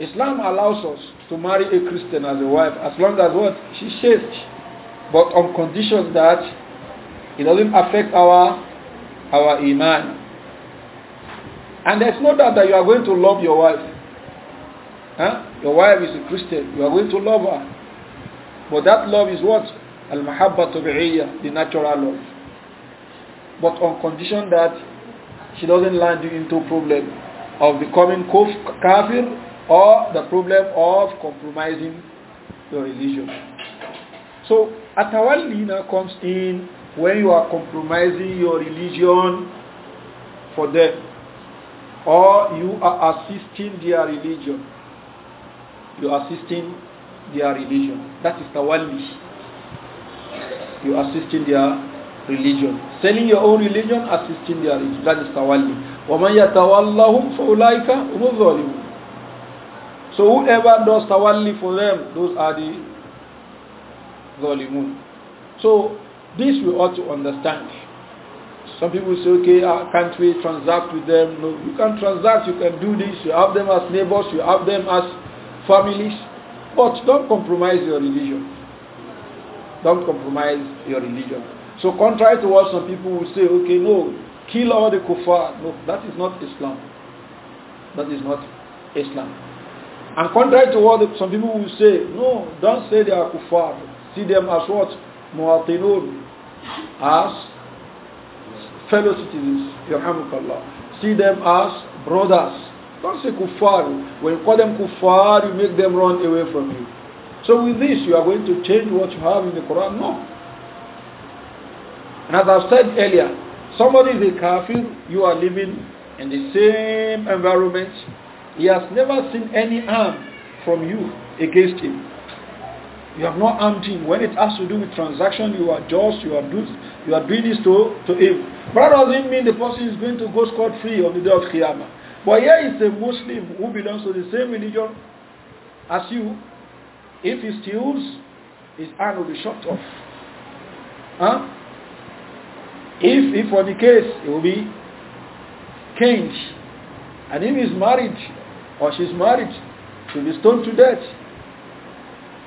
Islam allows us to marry a Christian as a wife as long as what? She says, But on conditions that it doesn't affect our our iman. And there's no doubt that you are going to love your wife. Huh? Your wife is a Christian. You are going to love her. But that love is what? Al-mahabba tabi'iyya, the natural love. But on condition that she doesn't land you into problem of becoming kafir or the problem of compromising your religion. So atawalina comes in when you are compromising your religion for them or you are assisting their religion. You are assisting their religion. That is tawalli. You are assisting their religion. Selling your own religion, assisting their religion. That is tawalli. وَمَنْ يَتَوَلَّهُمْ فَأُولَٰئِكَ هُمُ الظَّالِمُونَ so whoever does tawalli for them, those are the zalimun. So this we ought to understand. Some people say, okay, uh, can't we transact with them? No, you can transact, you can do this, you have them as neighbors, you have them as families, but don't compromise your religion. Don't compromise your religion. So contrary to what some people will say, okay, no, kill all the kuffar. No, that is not Islam. That is not Islam. And contrary to what some people will say, no, don't say they are kuffar. See them as what? Mu'atinun. As fellow citizens, Yarhamukallah. See them as brothers. Don't say kuffar. When you call them kuffar, you make them run away from you. So with this, you are going to change what you have in the Quran? No. And as I've said earlier, somebody is a kafir, you are living in the same environment. He has never seen any harm from you against him. You have not harmed him. When it has to do with transaction, you are just, you are doing you are doing this to, to him. But that doesn't mean the person is going to go scot-free on the day of Qiyamah. But here is a Muslim who belongs to the same religion as you. If he steals, his hand will be shot off. Huh? If, if for the case, it will be caned. And if he's married or she's married, she'll be stoned to death.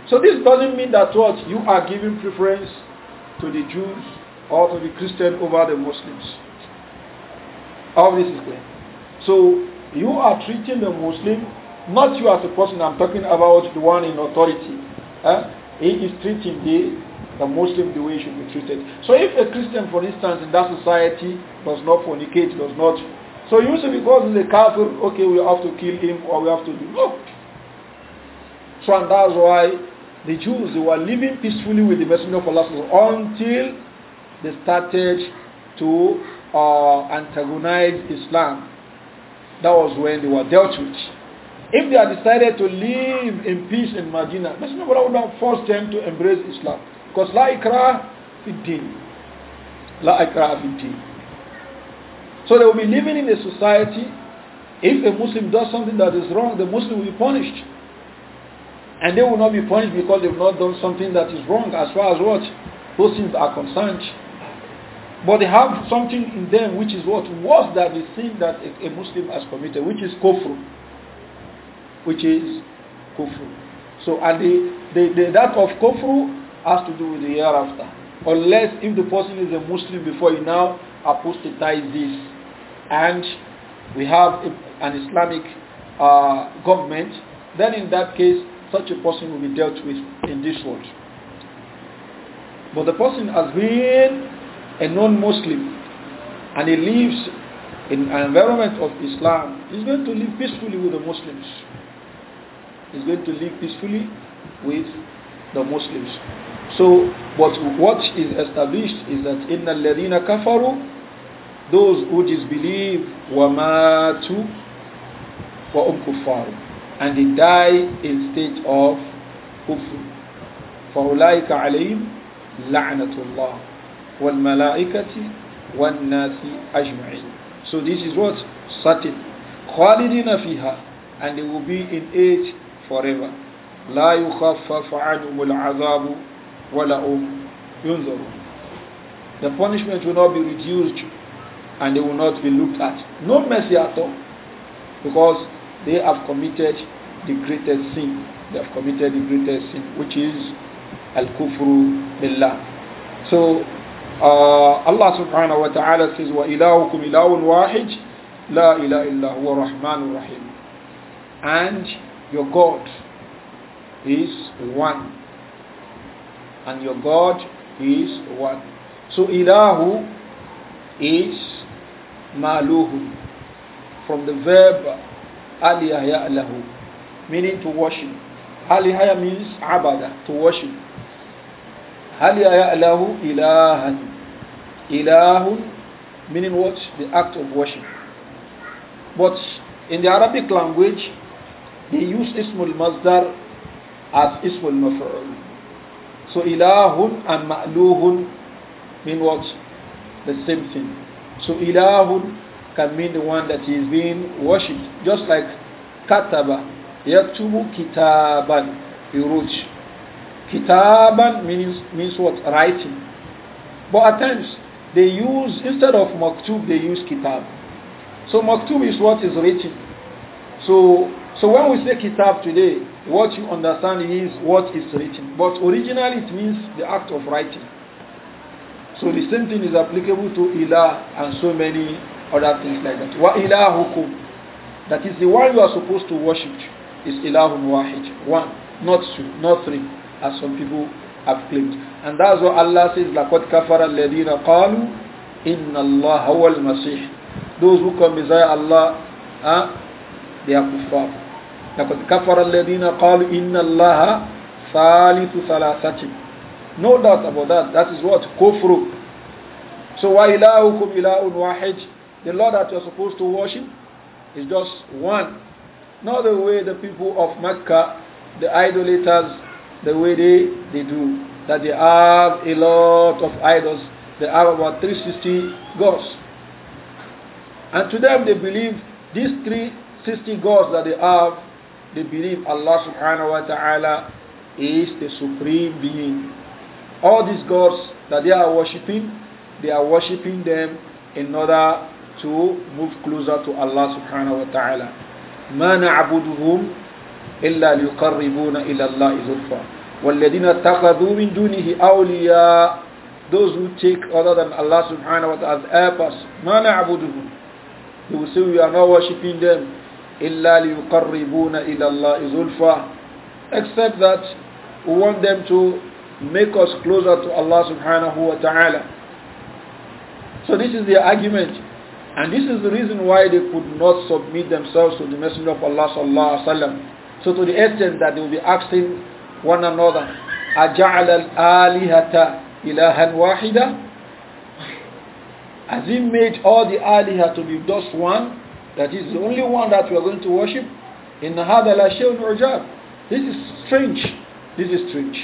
So this doesn't mean that what you are giving preference to the Jews or to be Christian over the Muslims. All this is clear. So you are treating the Muslim, not you as a person, I'm talking about the one in authority. Eh? He is treating the, the Muslim the way he should be treated. So if a Christian, for instance, in that society does not fornicate, does not... So you say because he's a kafir, okay, we have to kill him or we have to do... No. So and that's why the Jews, they were living peacefully with the Messenger of Allah until they started to uh, antagonize Islam. That was when they were dealt with. If they had decided to live in peace in Medina, Messenger of Allah would have forced them to embrace Islam. Because La Ikra Fiddin. La Ikra Fiddin. So they will be living in a society. If a Muslim does something that is wrong, the Muslim will be punished. And they will not be punished because they have not done something that is wrong as far as what? Those things are concerned. But they have something in them which is what? Worse than the sin that a, Muslim has committed, which is kufr. Which is kufr. So, and the, the, the, that of kufr has to do with the hereafter. Unless if the person is a Muslim before he now apostatizes. And we have a, an Islamic uh, government, then in that case, such a person will be dealt with in this world. But the person has been a non-Muslim and he lives in an environment of Islam, he's going to live peacefully with the Muslims. He's going to live peacefully with the Muslims. So, but what is established is that in الَّذِينَ كَفَرُوا those who disbelieve وَمَاتُوا وَأُمْ كُفَّارُ and they die in state of kufr. فَأُولَٰئِكَ عَلَيْهِمْ لَعْنَةُ اللَّهِ وَالْمَلَائِكَةِ وَالنَّاسِ أَجْمَعِينَ So this is what? satin. خَالِدِينَ فِيهَا And they will be in it forever. لَا يُخَفَّفْ عَنْهُمُ الْعَذَابُ وَلَهُمْ يُنْذَرُونَ The punishment will not be reduced and they will not be looked at. No mercy at all. Because they have committed the greatest sin. They have committed the greatest sin, which is al kufru billah. So uh, Allah subhanahu wa ta'ala says, وَإِلَهُكُمْ إِلَهٌ وَاحِجٌ لَا إِلَهَ إِلَّا هُوَ الرَّحْمَنُ الرَّحِيمُ And your God is one. And your God is one. So ilahu is maluhu from the verb aliyahya lahu meaning to worship. Aliyahya means abada, to worship. هل يأله إلها إله meaning what? The act of worship. But in the Arabic language, they use ism al Mazdar as ism al Maf'ul. So ilahun and ma'luhun mean what? The same thing. So ilahun can mean the one that is being worshipped. Just like kataba, yaktubu kitaban, he Kitaban means, means what? Writing. But at times, they use, instead of maktub, they use kitab. So maktub is what is written. So, so when we say kitab today, what you understand is what is written. But originally it means the act of writing. So the same thing is applicable to ilah and so many other things like that. Wa ilahukum. That is the one you are supposed to worship is ilahun wahid. One, not two, not three as some people have claimed. And that's what Allah says, لَقَدْ كَفَرَ الَّذِينَ قَالُوا إِنَّ اللَّهَ هُوَ الْمَسِيحِ Those who come beside Allah, huh? Ah, they are kuffar. لَقَدْ كَفَرَ الَّذِينَ قَالُوا إِنَّ اللَّهَ ثَالِثُ ثَلَاثَةٍ No doubt about that. That is what? Kufru. So, وَإِلَهُكُمْ إِلَهٌ وَاحِدٌ The Lord that you are supposed to worship is just one. Not the way the people of Mecca, the idolaters, the way they, they do. That they have a lot of idols. They have about 360 gods. And to them, they believe these 360 gods that they have, they believe Allah subhanahu wa ta'ala is the supreme being. All these gods that they are worshipping, they are worshipping them in order to move closer to Allah subhanahu wa ta'ala. ما نعبدهم إلا ليقربون إلى الله زلفى والذين اتخذوا من دونه أولياء those who take other than Allah subhanahu wa ta'ala as apas ما نعبدهم they will say we are not worshipping them إلا ليقربون إلى الله زلفى except that we want them to make us closer to Allah subhanahu wa ta'ala so this is their argument and this is the reason why they could not submit themselves to the messenger of Allah sallallahu alaihi wasallam So to the extent that they will be asking one another, أَجَعَلَ الْآلِهَةَ إِلَهًا وَاحِدًا Has he made all the aliha to be just one? That is the only one that we are going to worship? إِنَّ هَذَا لَشَيْءٌ عُجَابٌ This is strange. This is strange.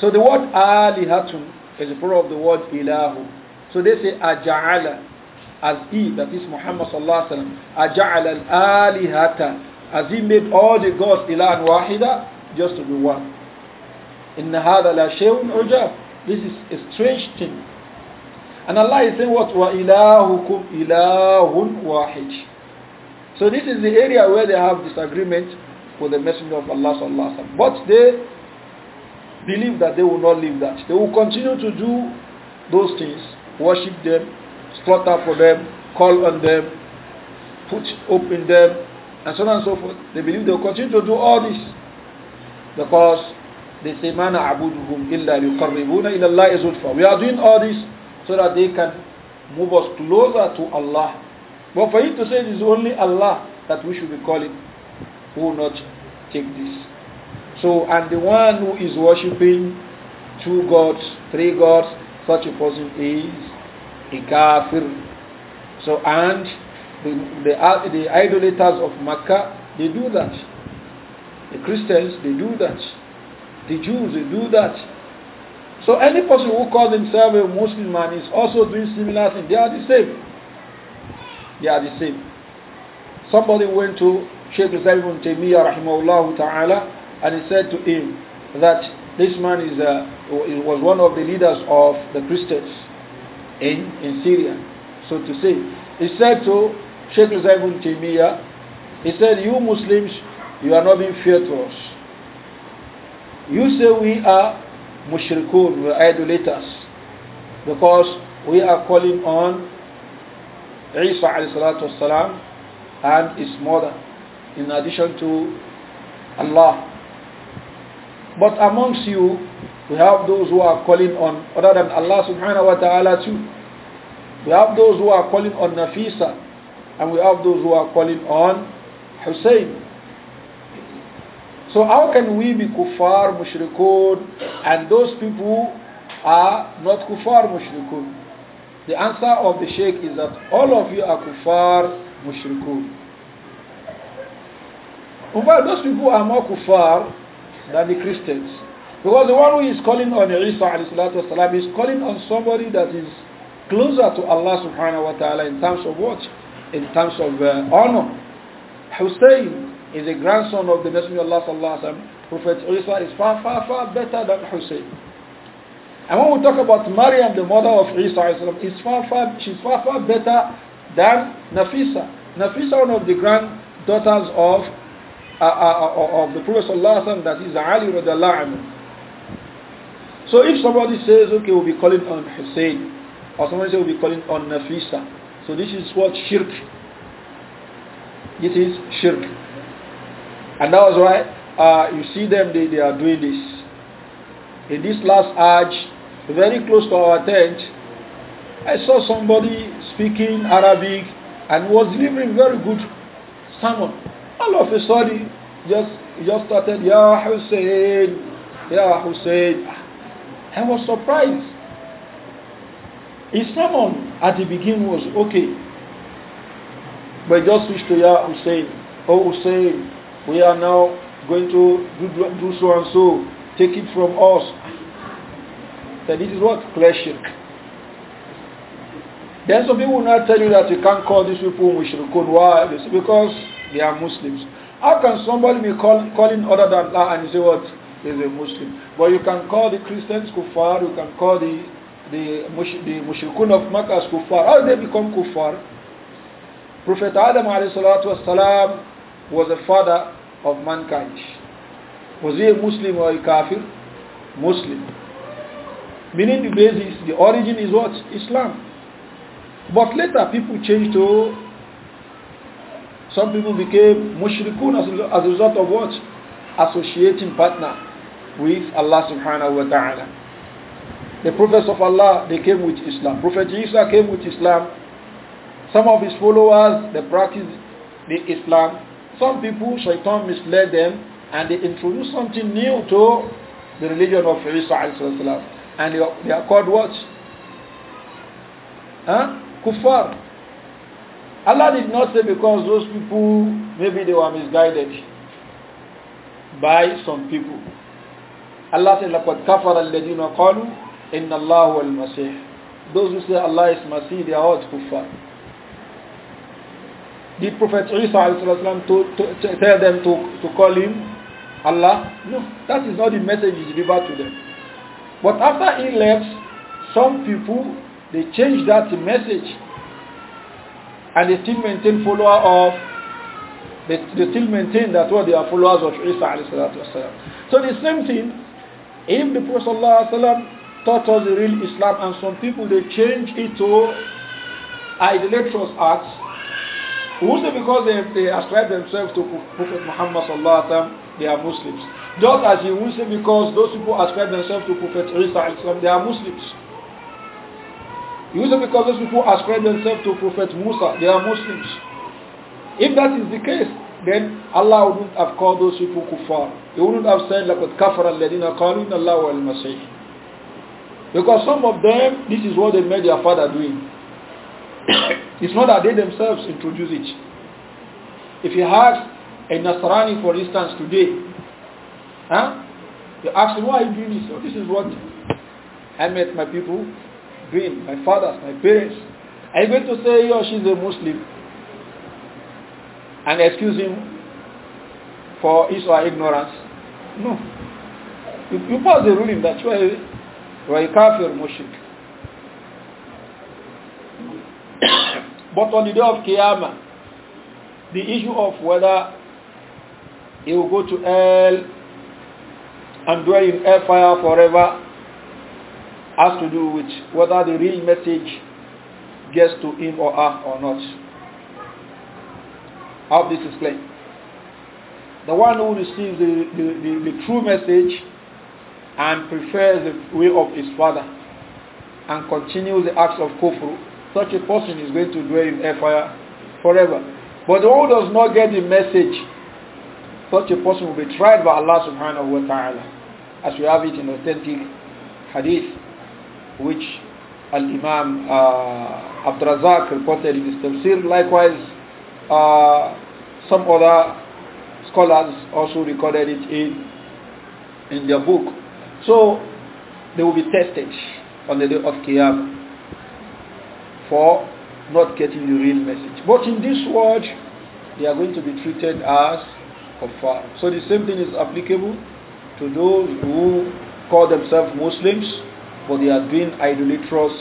So the word alihatun is a plural of the word ilahu. So they say أَجَعَلَ. as he, that is Muhammad sallallahu alaihi wasallam, aja'ala al has he made all the gods ilahan wahida just to be one? In hada la shayun ujab. This is a strange thing. And Allah is saying what? Wa ilahukum ilahun wahid. So this is the area where they have disagreement with the messenger of Allah sallallahu alaihi wasallam. But they believe that they will not leave that. They will continue to do those things, worship them, slaughter for them, call on them, put hope in them, and so on and so forth. They believe they will continue to do all this because they say, "Mana abuduhum illa yuqarribuna ila Allah zulfa." We are doing all this so that they can move us closer to Allah. But for you to say it is only Allah that we should be calling, who will not take this? So, and the one who is worshipping two gods, three gods, such a person is a kafir. So, and the, the, uh, the idolaters of Makkah, they do that. The Christians, they do that. The Jews, they do that. So any person who calls himself a Muslim man is also doing similar things, they are the same. They are the same. Somebody went to Sheikh Islam ibn Taymiyyah rahimahullah ta'ala and he said to him that this man is a, uh, was one of the leaders of the Christians in, in Syria, so to say. He said to Sheikh Isaac ibn he said, You Muslims, you are not being fair to us. You say we are mushrikun, we are idolaters, because we are calling on Isa والسلام, and his mother, in addition to Allah. But amongst you, we have those who are calling on other than Allah subhanahu wa ta'ala too. We have those who are calling on Nafisa, and we have those who are calling on Hussein. So how can we be kuffar, mushrikun, and those people are not kuffar, mushrikun? The answer of the sheikh is that all of you are kuffar, mushrikun. In fact, those people are more kuffar than the Christians. Because the one who is calling on Isa والسلام, is calling on somebody that is closer to Allah subhanahu wa ta'ala in terms of what? in terms of uh, honor. Hussein is a grandson of the Messenger of Allah sallallahu alaihi wasallam. Prophet Isa is far, far, far better than Hussein. And when we talk about Maryam, the mother of Isa, is far, far, she's far, far better than Nafisa. Nafisa, one of the granddaughters of uh, uh, uh of the Prophet sallallahu alaihi wasallam, that is Ali radiallahu anhu. So if somebody says, okay, we'll be calling on Hussein, or somebody says we'll be calling on Nafisa, so this is what shirk. This is shirk. And that was why uh, you see them, they, they are doing this. In this last arch, very close to our tent, I saw somebody speaking Arabic and was delivering very good sermon. All of a sudden, just just started, Ya Hussein, Ya Hussein. I was surprised. His sermon at the beginning was okay. But just switch to Ya Hussein. Oh Hussein, we are now going to do, do so and so. Take it from us. Then this is what? Clashing. Then some people will not tell you that you can't call these people mushrikun. Why? Because they are Muslims. How can somebody be call, calling other than Allah and say what is a Muslim? But you can call the Christians kufar, you can call the the, mush, the mushrikun of Makkah as kuffar. How did they become kuffar? Prophet Adam والسلام, was the father of mankind. Was he a Muslim or a kafir? Muslim. Meaning the basis, the origin is what? Islam. But later people changed to, some people became mushrikun as, as a result of what? Associating partner with Allah subhanahu wa ta'ala. The prophets of Allah, they came with Islam. Prophet Isa came with Islam. Some of his followers, they practiced the Islam. Some people, Shaitan misled them and they introduced something new to the religion of Isa And they are, they are called what? Huh? Kuffar. Allah did not say because those people, maybe they were misguided by some people. Allah said, لَقَدْ كَفَرَ الَّذِينَ قَالُوا Inna Allah al Masih. Those who say Allah is Masih, they are all kuffar. Did Prophet Isa to, to, to tell them to, to call him Allah? No, that is not the message he delivered to them. But after he left, some people they changed that message and they still maintain follower of they, they still maintain that what they are followers of Isa So the same thing, if the Prophet taught us the real Islam, and some people they change it to idolatrous acts. Who say because they, they ascribe themselves to Prophet Muhammad sallallahu alaihi wasallam, they are Muslims. Just as you will say because those people ascribe themselves to Prophet Isa they are Muslims. You will say because those people ascribe themselves to Prophet Musa, they are Muslims. If that is the case, then Allah wouldn't have called those people kuffar. He wouldn't have said, like لَقَدْ كَفَرَ الَّذِينَ قَالُوا Allah اللَّهُ وَالْمَسِيحِ Because some of them, this is what they made their father doing. it's not that they themselves introduce it. If you ask a Nasrani, for instance, today, huh? you ask him, why are you doing this? Oh, this is what I met my people doing, my fathers, my parents. Are you going to say he or she's a Muslim and excuse him for his or her ignorance? No. You, you pass the ruling that way وهي كافر مشرك But on the day of Qiyamah, the issue of whether he will go to hell and dwell in hellfire forever has to do with whether the real message gets to him or her or not. How this is played? The one who receives the, the, the, the true message and prefers the way of his father and continues the acts of kufr, such a person is going to dwell in hellfire forever. But the one who does not get the message, such a person will be tried by Allah subhanahu wa ta'ala, as we have it in authentic hadith, which Al-Imam uh, Abdurazak reported in his tafsir. Likewise, uh, some other scholars also recorded it in, in their book. So they will be tested on the day of Qiyamah for not getting the real message. But in this world, they are going to be treated as kuffar. So the same thing is applicable to those who call themselves Muslims, but they are doing idolatrous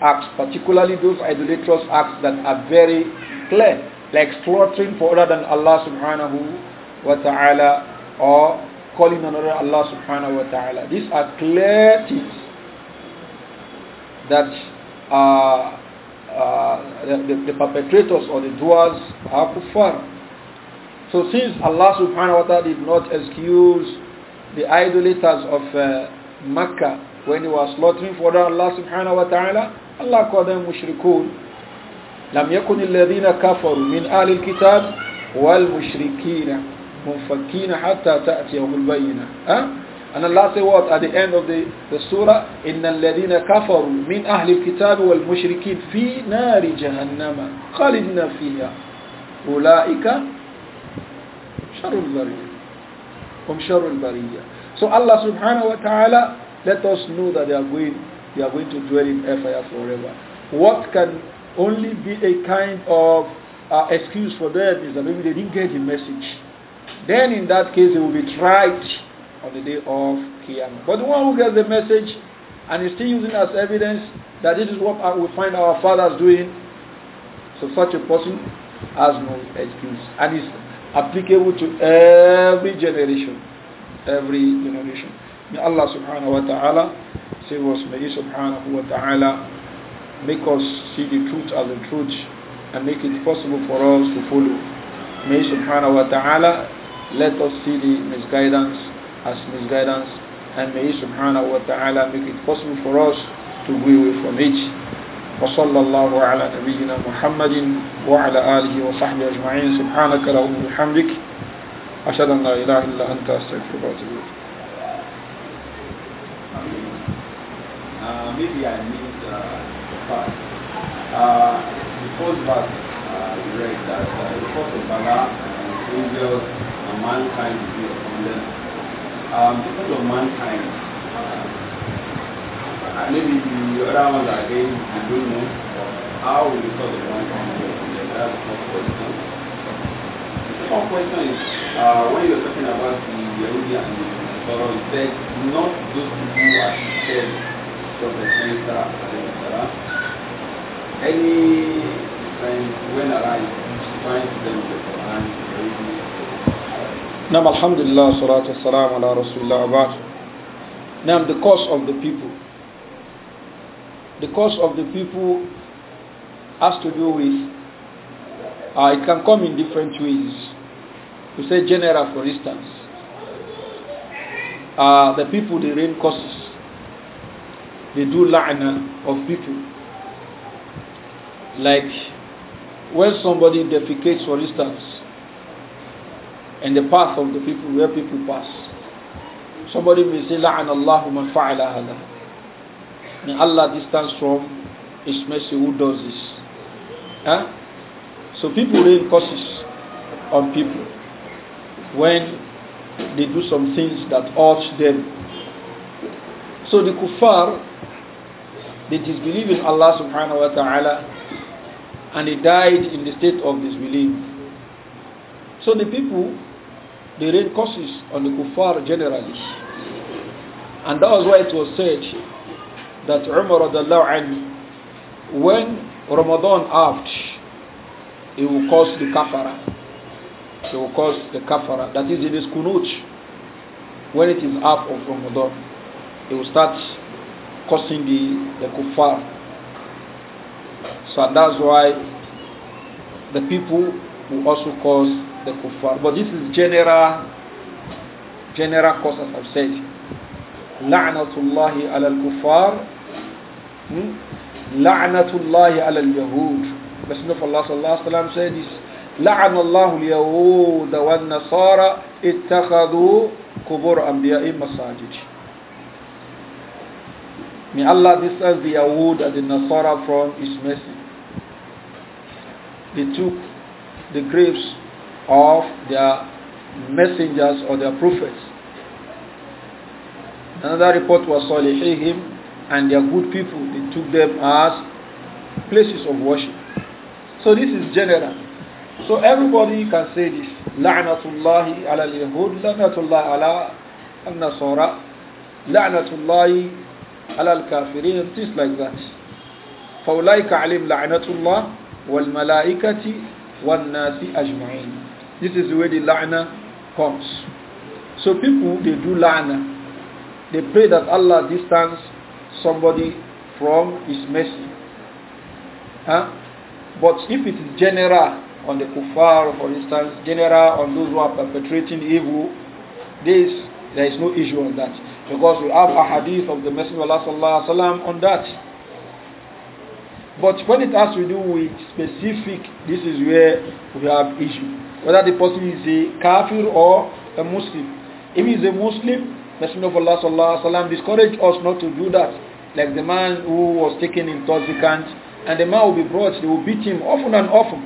acts, particularly those idolatrous acts that are very clear, like slaughtering for other than Allah subhanahu wa ta'ala or calling another Allah subhanahu wa ta'ala. These are clear things that uh, uh, the, the, perpetrators or the doers are kuffar. So since Allah subhanahu wa ta'ala did not excuse the idolaters of uh, Mecca when he was slaughtering for Allah subhanahu wa ta'ala, Allah called them mushrikun. لم يكن الذين كفروا من أهل الكتاب والمشركين منفكين حتى تأتيهم البينة bayyina Huh? And at the end of the, the surah إن الذين كفروا من أهل الكتاب والمشركين في نار جهنم خالدنا فيها أولئك شر البرية هم شر البرية So Allah subhanahu wa ta'ala let us know that they are going they are going to dwell in fire forever. What can only be a kind of uh, excuse for them is that maybe they didn't get the message. then in that case he will be tried on the day of Qiyamah. But the one who gets the message and is still using as evidence that this is what we find our fathers doing, so such a person has no excuse and is applicable to every generation, every generation. May Allah subhanahu wa ta'ala save us. May He subhanahu wa ta'ala make us see the truth as the truth and make it possible for us to follow. May He subhanahu wa ta'ala let us see the misguidance as misguidance and may subhanahu wa ta'ala make it possible for us to be away from it. وصلى الله على نبينا محمد وعلى آله وصحبه أجمعين سبحانك اللهم وبحمدك أشهد أن لا إله إلا أنت أستغفرك وأتوب إليك maybe I missed uh, the part. Uh, the first verse uh, read that uh, the of and and mankind will be upon them. Um, because of mankind, uh, uh, maybe the other ones are again, I don't know, how will because of mankind be That's the first question. The second question is, uh, when you're talking about the Yahudi and the Torah, you said not those people who are said from the center, any time when I find trying them with the Quran, now, alhamdulillah salatu wassalam ala abad. the cause of the people. The cause of the people has to do with, uh, it can come in different ways. To say general for instance, uh, the people the rain causes. They do la'na of people. Like when somebody defecates for instance, in the path of the people where people pass. Somebody may say, La'an Allah man fa'ala Allah." May Allah distance from His mercy who does this. Huh? So people rain curses on people when they do some things that urge them. So the kuffar, they disbelieve in Allah subhanahu wa ta'ala and they died in the state of disbelief. So the people they rain curses on the kuffar generally. And that was why it was said that Umar anhu, when Ramadan out, it will cause the kafara. It will cause the kafara. That is, it is kunut. When it is half of Ramadan, It will start causing the, the kuffar. So that's why the people will also cause the kuffar. But this is general, general cause as I've said. La'natullahi ala al-kuffar. Hmm? La'natullahi ala al-yahud. Messenger of Allah sallallahu alayhi wa sallam said this. al-Yahūd wa al والنصارى اتخذوا kubur anbiyāi masajid." May Allah distance the Yahud and the Nasara from His mercy. They took the graves of their messengers or their prophets. Another report was Salihihim and their good people. They took them as places of worship. So this is general. So everybody can say this. La'natullahi ala al-Yahud, la'natullahi ala al-Nasara, la'natullahi ala al-Kafirin, things like that. فَأُولَٰئِكَ عَلِمْ لَعْنَةُ اللَّهِ وَالْمَلَائِكَةِ وَالنَّاسِ أَجْمَعِينَ this is where the la'na comes. So people, they do la'na. They pray that Allah distance somebody from his mercy. Huh? But if it is general on the kuffar, for instance, general on those who are perpetrating evil, this, there is no issue on that. Because we have a hadith of the Messenger of Allah on that. But when it has to do with specific, this is where we have issue whether the person is a kafir or a Muslim. If he is a Muslim, Messenger of Allah sallallahu alaihi wasallam discouraged us not to do that. Like the man who was taken in intoxicant, and the man will be brought, they will beat him often and often.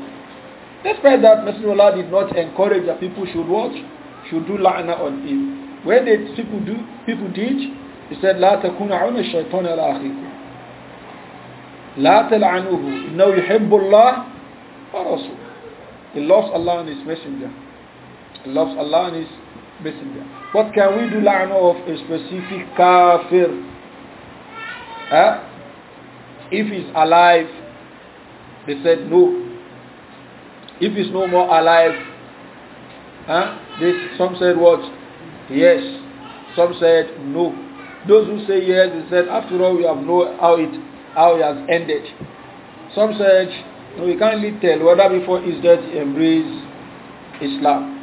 Despite that, Messenger of Allah did not encourage that people should watch, should do la'na on him. When did people do? People teach. He said, لا تكون عون الشيطان على أخيكم لا تلعنوه إنه يحب الله ورسوله he loves Allah and His Messenger. He loves Allah and His Messenger. What can we do la'na of a specific kafir? Huh? If he's alive, they said no. If he's no more alive, huh? This, some said what? Yes. Some said no. Those who say yes, they said after all we have no how it how it has ended. Some said we can't really tell whether before his death embraced Islam.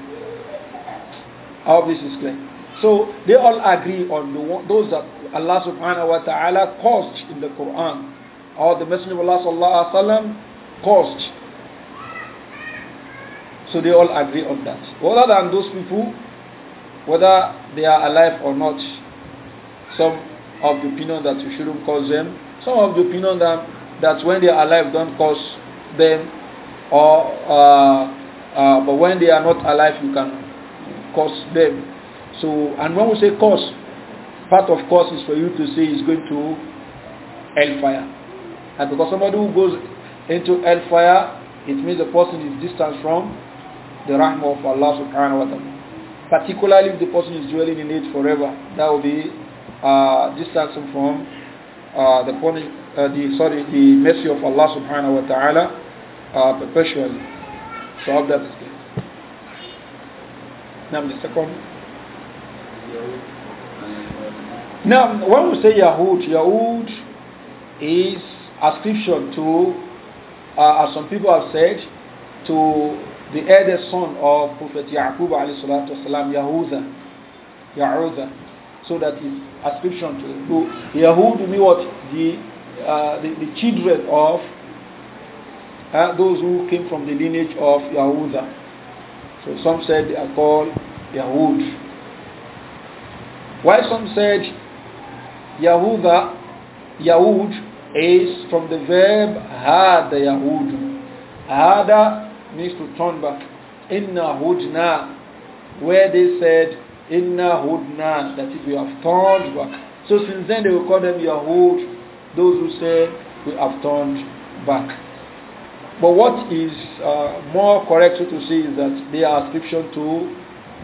All this is clear. So they all agree on the one, those that Allah subhanahu wa ta'ala caused in the Quran or the Messenger of Allah sallallahu wa wasallam caused. So they all agree on that. Other than those people, whether they are alive or not, some of the opinion that you shouldn't cause them, some of the opinion that, that when they are alive don't cause them or uh, uh, but when they are not alive you can curse them so and when we say curse part of curse is for you to say is going to hellfire and because somebody who goes into hellfire it means the person is distant from the rahmah of Allah subhanahu wa ta'ala particularly if the person is dwelling in it forever that will be uh, distancing from uh, the, uh, the, sorry, the mercy of Allah subhanahu wa ta'ala uh, perpetually. So that is clear. Now the second. Now when we say Yahud, Yahud is ascription to, uh, as some people have said, to the eldest son of Prophet Yaqub alayhi salatu wasalam, Yahuda. Yahuda. So that his ascription to, to Yahud what? The, uh, the, the, children of uh, those who came from the lineage of Yahuda. So some said they are called Yahud. Why some said Yahuda, Yahud is from the verb Hada Yahud. Hada means to turn back. Inna Hudna, where they said Inna hudna, that is, we have turned back. So since then they will call them Yahud, those who say we have turned back. But what is uh, more correct to say is that they are ascription to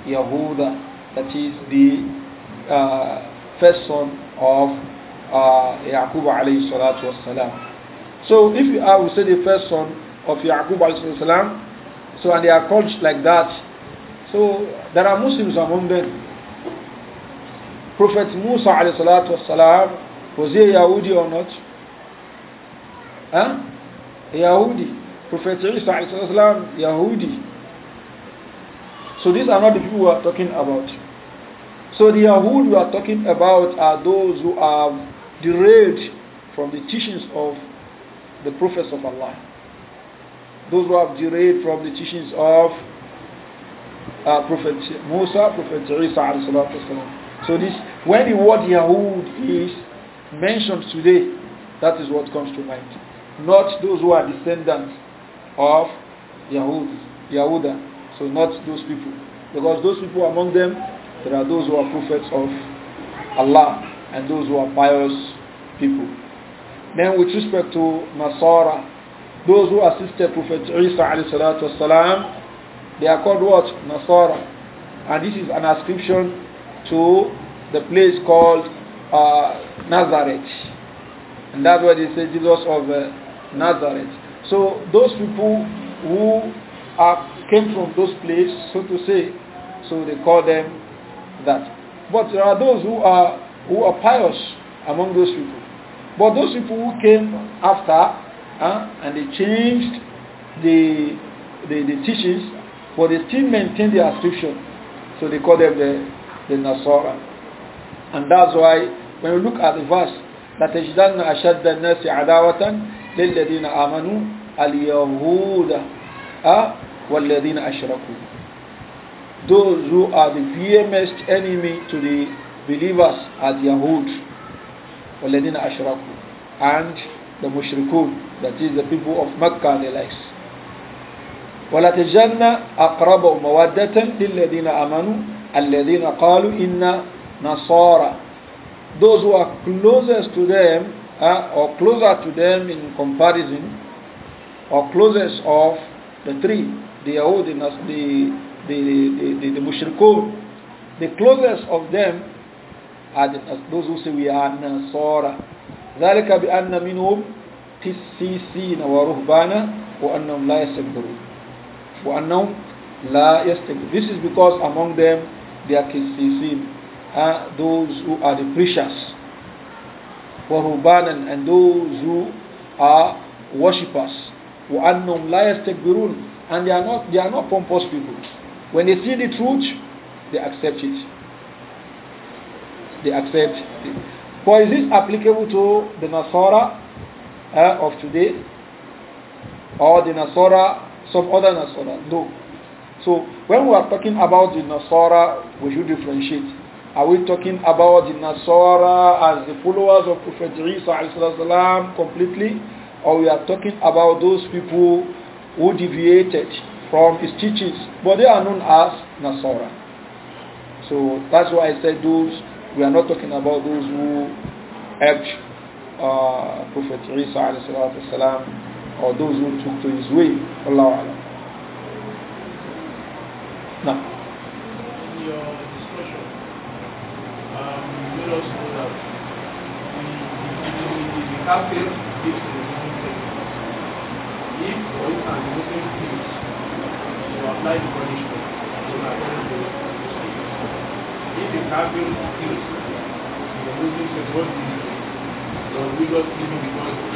Yahuda, that is the uh, first son of uh, Yaqub alayhi salatu wasalam. So if are we say the first son of Yaqub alayhi salam, so and they are called like that, so there are Muslims among them. Prophet Musa والسلام, was he a Yahudi or not? Huh? A Yahudi. Prophet Isa والسلام, Yahudi. So these are not the people we are talking about. So the Yahud we are talking about are those who have derailed from the teachings of the prophets of Allah. Those who have derailed from the teachings of uh, Prophet Musa, Prophet Isa So this, when the word Yahud is mentioned today, that is what comes to mind. Not those who are descendants of Yahud, Yahuda. So not those people. Because those people among them, there are those who are prophets of Allah and those who are pious people. Then with respect to Nasara, those who assisted Prophet Isa alayhi salatu they are called what? Nasara. And this is an ascription to the place called uh, Nazareth. And that's why they say Jesus of uh, Nazareth. So those people who are, came from those places, so to say, so they call them that. But there are those who are, who are pious among those people. But those people who came after uh, and they changed the, the, the teachings but they still maintain their ascription. So they call them the, the Nasara. And that's why when we look at the verse, لَتَجْدَنَّ أَشَدَّ Amanu al لِلَّذِينَ ah, wal وَالَّذِينَ Ashraku. Those who are the vehement enemy to the believers are the wal وَالَّذِينَ Ashraku, and the mushrikun, that is the people of Makkah, and the likes. ولتجدن أقربهم مودة للذين آمنوا الذين قالوا إن نصارى those who are closest to them uh, or closer to them in comparison or closest of the three the Yahud, the, the, the, the, the, the Mushrikun the closest of them are the, those who say we are Nasara ذلك بأن منهم تسيسين ورهبانا وأنهم لا يستكبرون known لَا يَسْتَكْبِرُونَ This is because among them they are kisisim, uh, ah, those who are the preachers, وَرُبَانًا and those who are worshippers. وَأَنَّهُمْ لَا يَسْتَكْبِرُونَ And they are not they are not pompous people. When they see the truth, they accept it. They accept it. But is this applicable to the Nasara uh, of today? Or the Nasara some other Nasara. No. So when we are talking about the Nasara, we should differentiate. Are we talking about the Nasara as the followers of Prophet Isa salam, completely? Or we are talking about those people who deviated from his teachings, but they are known as Nasara. So that's why I said those, we are not talking about those who helped uh, Prophet Isa salam, or those who took to his way. Allah Now. In your discussion, um, let us know that the kafir gives the Muslim If, for instance, the Muslim to apply the punishment, so that if the kafir feels, the Muslim says, what do you do? So we just the because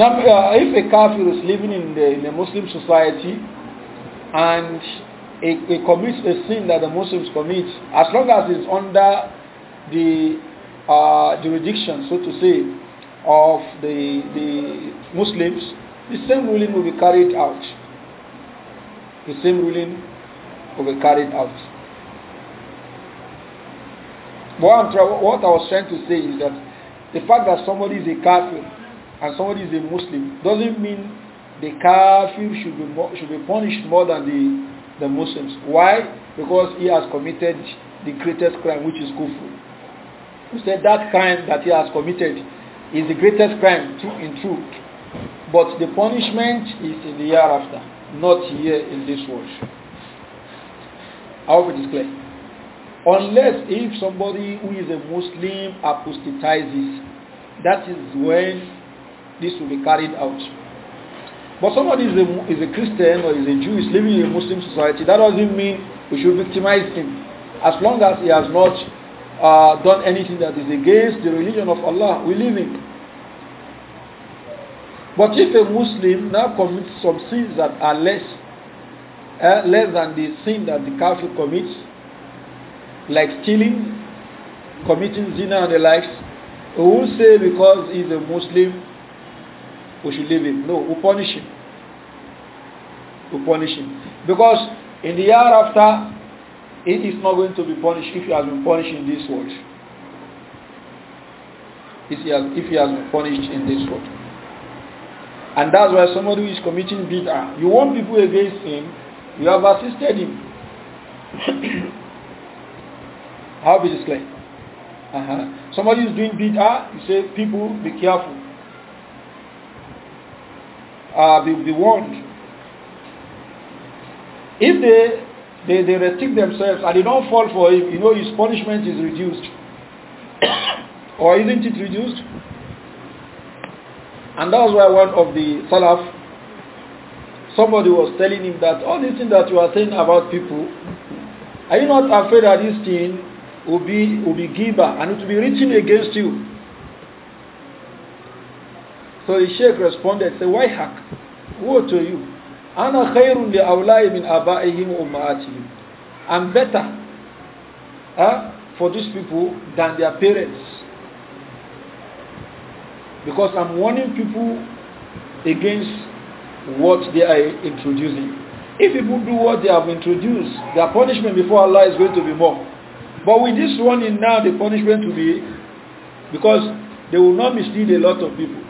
now, uh, if a kafir is living in the, in Muslim society and it, commits a sin that the Muslims commit, as long as it's under the uh, jurisdiction, so to say, of the, the Muslims, the same ruling will be carried out. The same ruling will be carried out. What, what I was trying to say is that the fact that somebody is a kafir and somebody is a Muslim doesn't mean the kafir should be more, should be punished more than the the Muslims. Why? Because he has committed the greatest crime, which is kufr. He said that crime that he has committed is the greatest crime, true in truth. But the punishment is in the year after, not here in this world. I hope it is clear. Unless if somebody who is a Muslim apostatizes, that is when this will be carried out. But somebody is a, is a Christian or is a Jew, is living in a Muslim society, that doesn't mean we should victimize him. As long as he has not uh, done anything that is against the religion of Allah, we live in. But if a Muslim now commits some sins that are less, uh, less than the sin that the kafir commits, like stealing, committing zina and the likes, we will say because he's a Muslim, we should leave him. No, we'll punish him. We'll punish him. Because in the year after, he is not going to be punished if he has been punished in this world. If he has, if he has been punished in this world. And that's why somebody who is committing bid'ah, you want people against him, you have assisted him. How be this claim? Uh -huh. Somebody is doing bid'ah, you say, people, be careful uh, be, be warned. If they, they, they restrict themselves and they don't fall for it, you know his punishment is reduced. or isn't it reduced? And that's why one of the Salaf, somebody was telling him that all oh, these things that you are saying about people, are you not afraid that this thing will be, will be given and it will be written against you? So the sheikh responded, say, why hack? Who to you. Ana khairun li awlai min abaihim ummaatihim. I'm better huh, for these people than their parents. Because I'm warning people against what they are introducing. If people do what they have introduced, their punishment before Allah is going to be more. But with this warning now, the punishment will be because they will not mislead a lot of people.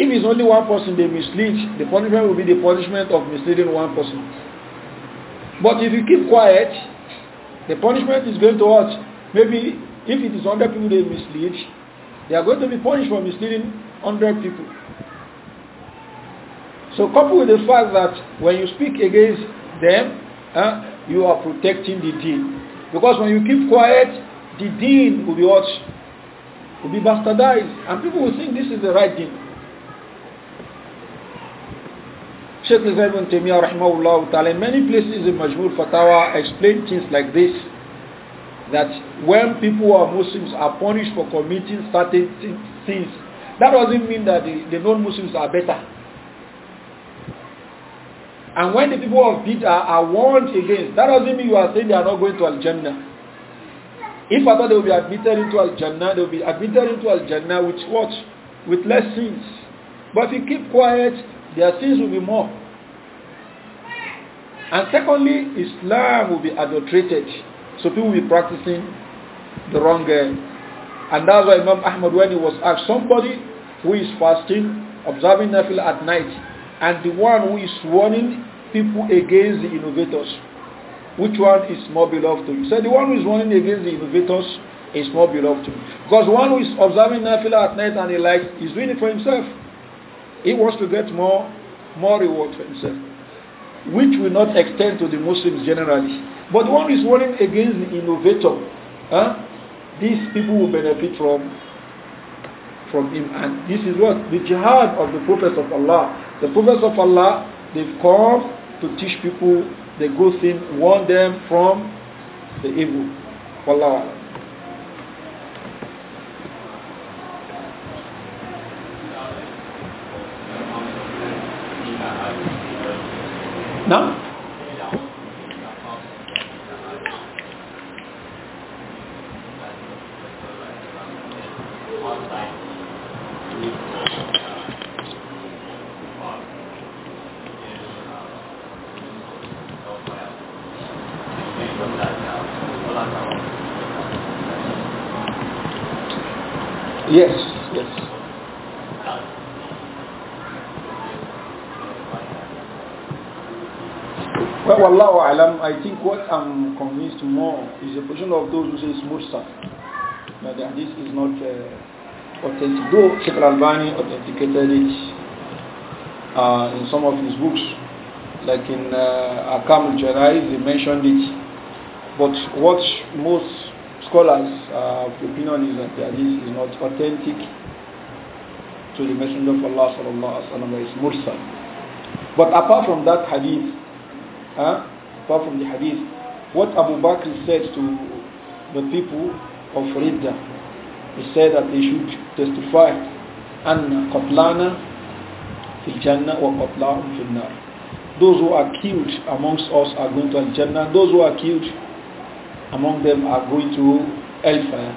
If it's only one person they mislead, the punishment will be the punishment of misleading one person. But if you keep quiet, the punishment is going to what? Maybe if it is 100 people they mislead, they are going to be punished for misleading 100 people. So coupled with the fact that when you speak against them, uh, you are protecting the dean, Because when you keep quiet, the dean will be watched, Will be bastardized. And people will think this is the right dean. Sheikh Nizam ibn Taymiyyah rahimahullah ta'ala in many places in Majmul Fatawa explain things like this that when people who are Muslims are punished for committing certain sins that doesn't mean that the, the non-Muslims are better and when the people of Bid'ah are warned against that doesn't mean you are saying they are not going to Al-Jannah if I thought they will be admitted into Al-Jannah they will be admitted into Al-Jannah with what? with less sins but if you keep quiet their sins will be more and secondly, Islam will be adulterated. So people will be practicing the wrong uh, And that's why Imam Ahmad when he was asked, somebody who is fasting, observing Nafil at night, and the one who is warning people against the innovators, which one is more beloved to you? so said, the one who is warning against the innovators is more beloved to you. Because the one who is observing Nafil at night and he likes, he's doing it for himself. He wants to get more, more reward for himself which will not extend to the Muslims generally. But one is warning against the innovator. Huh? These people will benefit from from him. And this is what the jihad of the prophets of Allah. The prophets of Allah, they've come to teach people the good thing, warn them from the evil. Wallahu ¿no? what I'm convinced more is the position of those who say it's Musa. That the hadith is not uh, authentic. Though Sheikh Al-Albani authenticated it uh, in some of his books, like in uh, Akam al-Jaraiz, he mentioned it. But what most scholars uh, of opinion is that the hadith is not authentic to the Messenger of Allah sallallahu alaihi wasallam is But apart from that hadith, huh, apart from the hadith, what Abu Bakr said to the people of Ridda, he said that they should testify, أن قتلانا في الجنة وقتلاهم في النار. Those who are killed amongst us are going to Al-Jannah. Those who are killed among them are going to hellfire.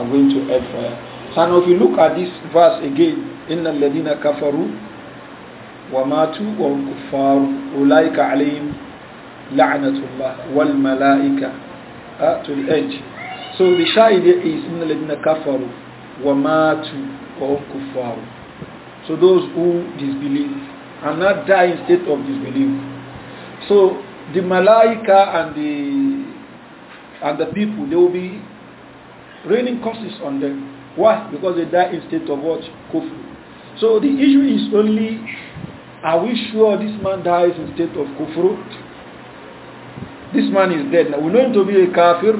Are going to hellfire. So now if you look at this verse again, إن الذين كفروا وماتوا وهم كفار أولئك عليهم لعنة الله والملائكة uh, to the edge so the shahid is إن الذين كفروا وماتوا وهم كفار so those who disbelieve and not die in state of disbelief so the malaika and the and the people they will be raining curses on them why because they die in state of what kufr so the issue is only are we sure this man dies in state of kufru? This man is dead. Now we know him to be a kafir,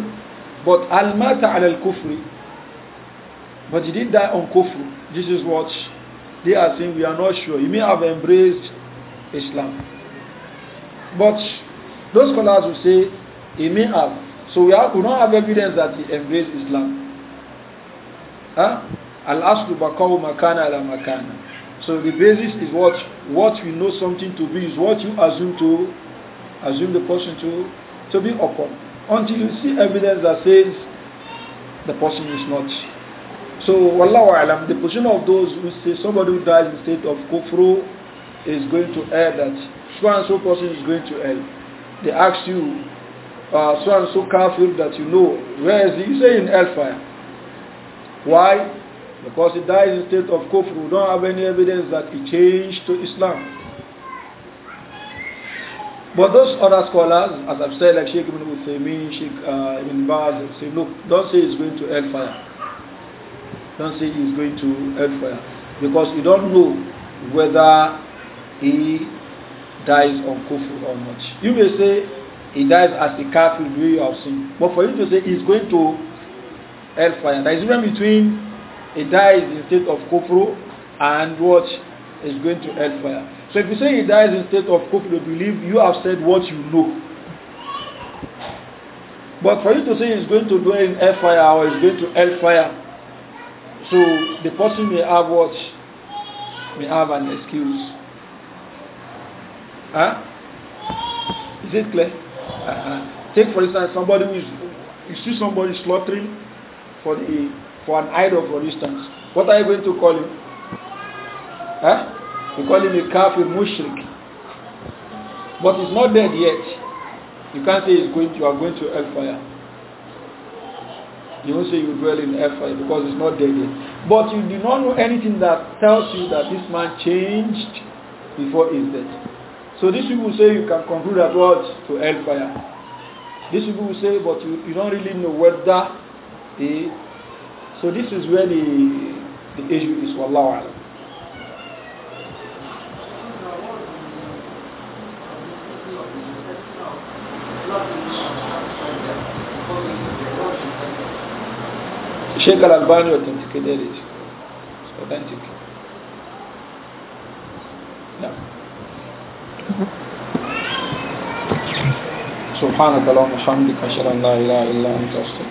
but al-mata al-kufri. But he did die on kufru. This is what they are saying. We are not sure. He may have embraced Islam. But those scholars will say he may have. So we, have, we don't have evidence that he embraced Islam. Huh? Al-aslu baqaw makana ala makana. So the basis is what what you know something to be is what you assume to assume the person to to be upon until you see evidence that says the person is not. So wallahu alam, the position of those who say somebody who dies in state of kufru is going to err that so and so person is going to err. They ask you uh, so and so kafir that you know where is he? You say in hellfire. Why? Because he dies in state of kufr. We don't have any evidence that he changed to Islam. But those other scholars, as I've said, like Sheikh Ibn Uthaymeen, Sheikh uh, Ibn Baz, say, look, don't say he's going to hellfire. Don't say he's going to hellfire. Because you don't know whether he dies on kufr or not. You may say he dies as a kafir doing of sin. But for you to say he's going to hellfire, there is a difference between he dies in state of kufru and what is going to hellfire. So if you say he dies in state of kufru, believe you have said what you know. But for you to say he's going to do in hellfire or he's going to hellfire, so the person may have what? May have an excuse. Huh? Is it clear? Uh -huh. Take for instance somebody who is, you see somebody slaughtering for the for an idol, for instance, what are you going to call him? Huh? You call him a calf, a mushrik. But he's not dead yet. You can't say he's going to, you are going to hellfire. You won't say you dwell in hellfire because he's not dead yet. But you do not know anything that tells you that this man changed before his death. So these people say you can conclude at what to hellfire. These people say, but you, you don't really know whether he So this is where the, the issue is, wallahu alam. Sheikh Al Albani authenticated it. It's authentic. No. سبحانك اللهم وبحمدك اشهد ان لا اله الا انت استغفرك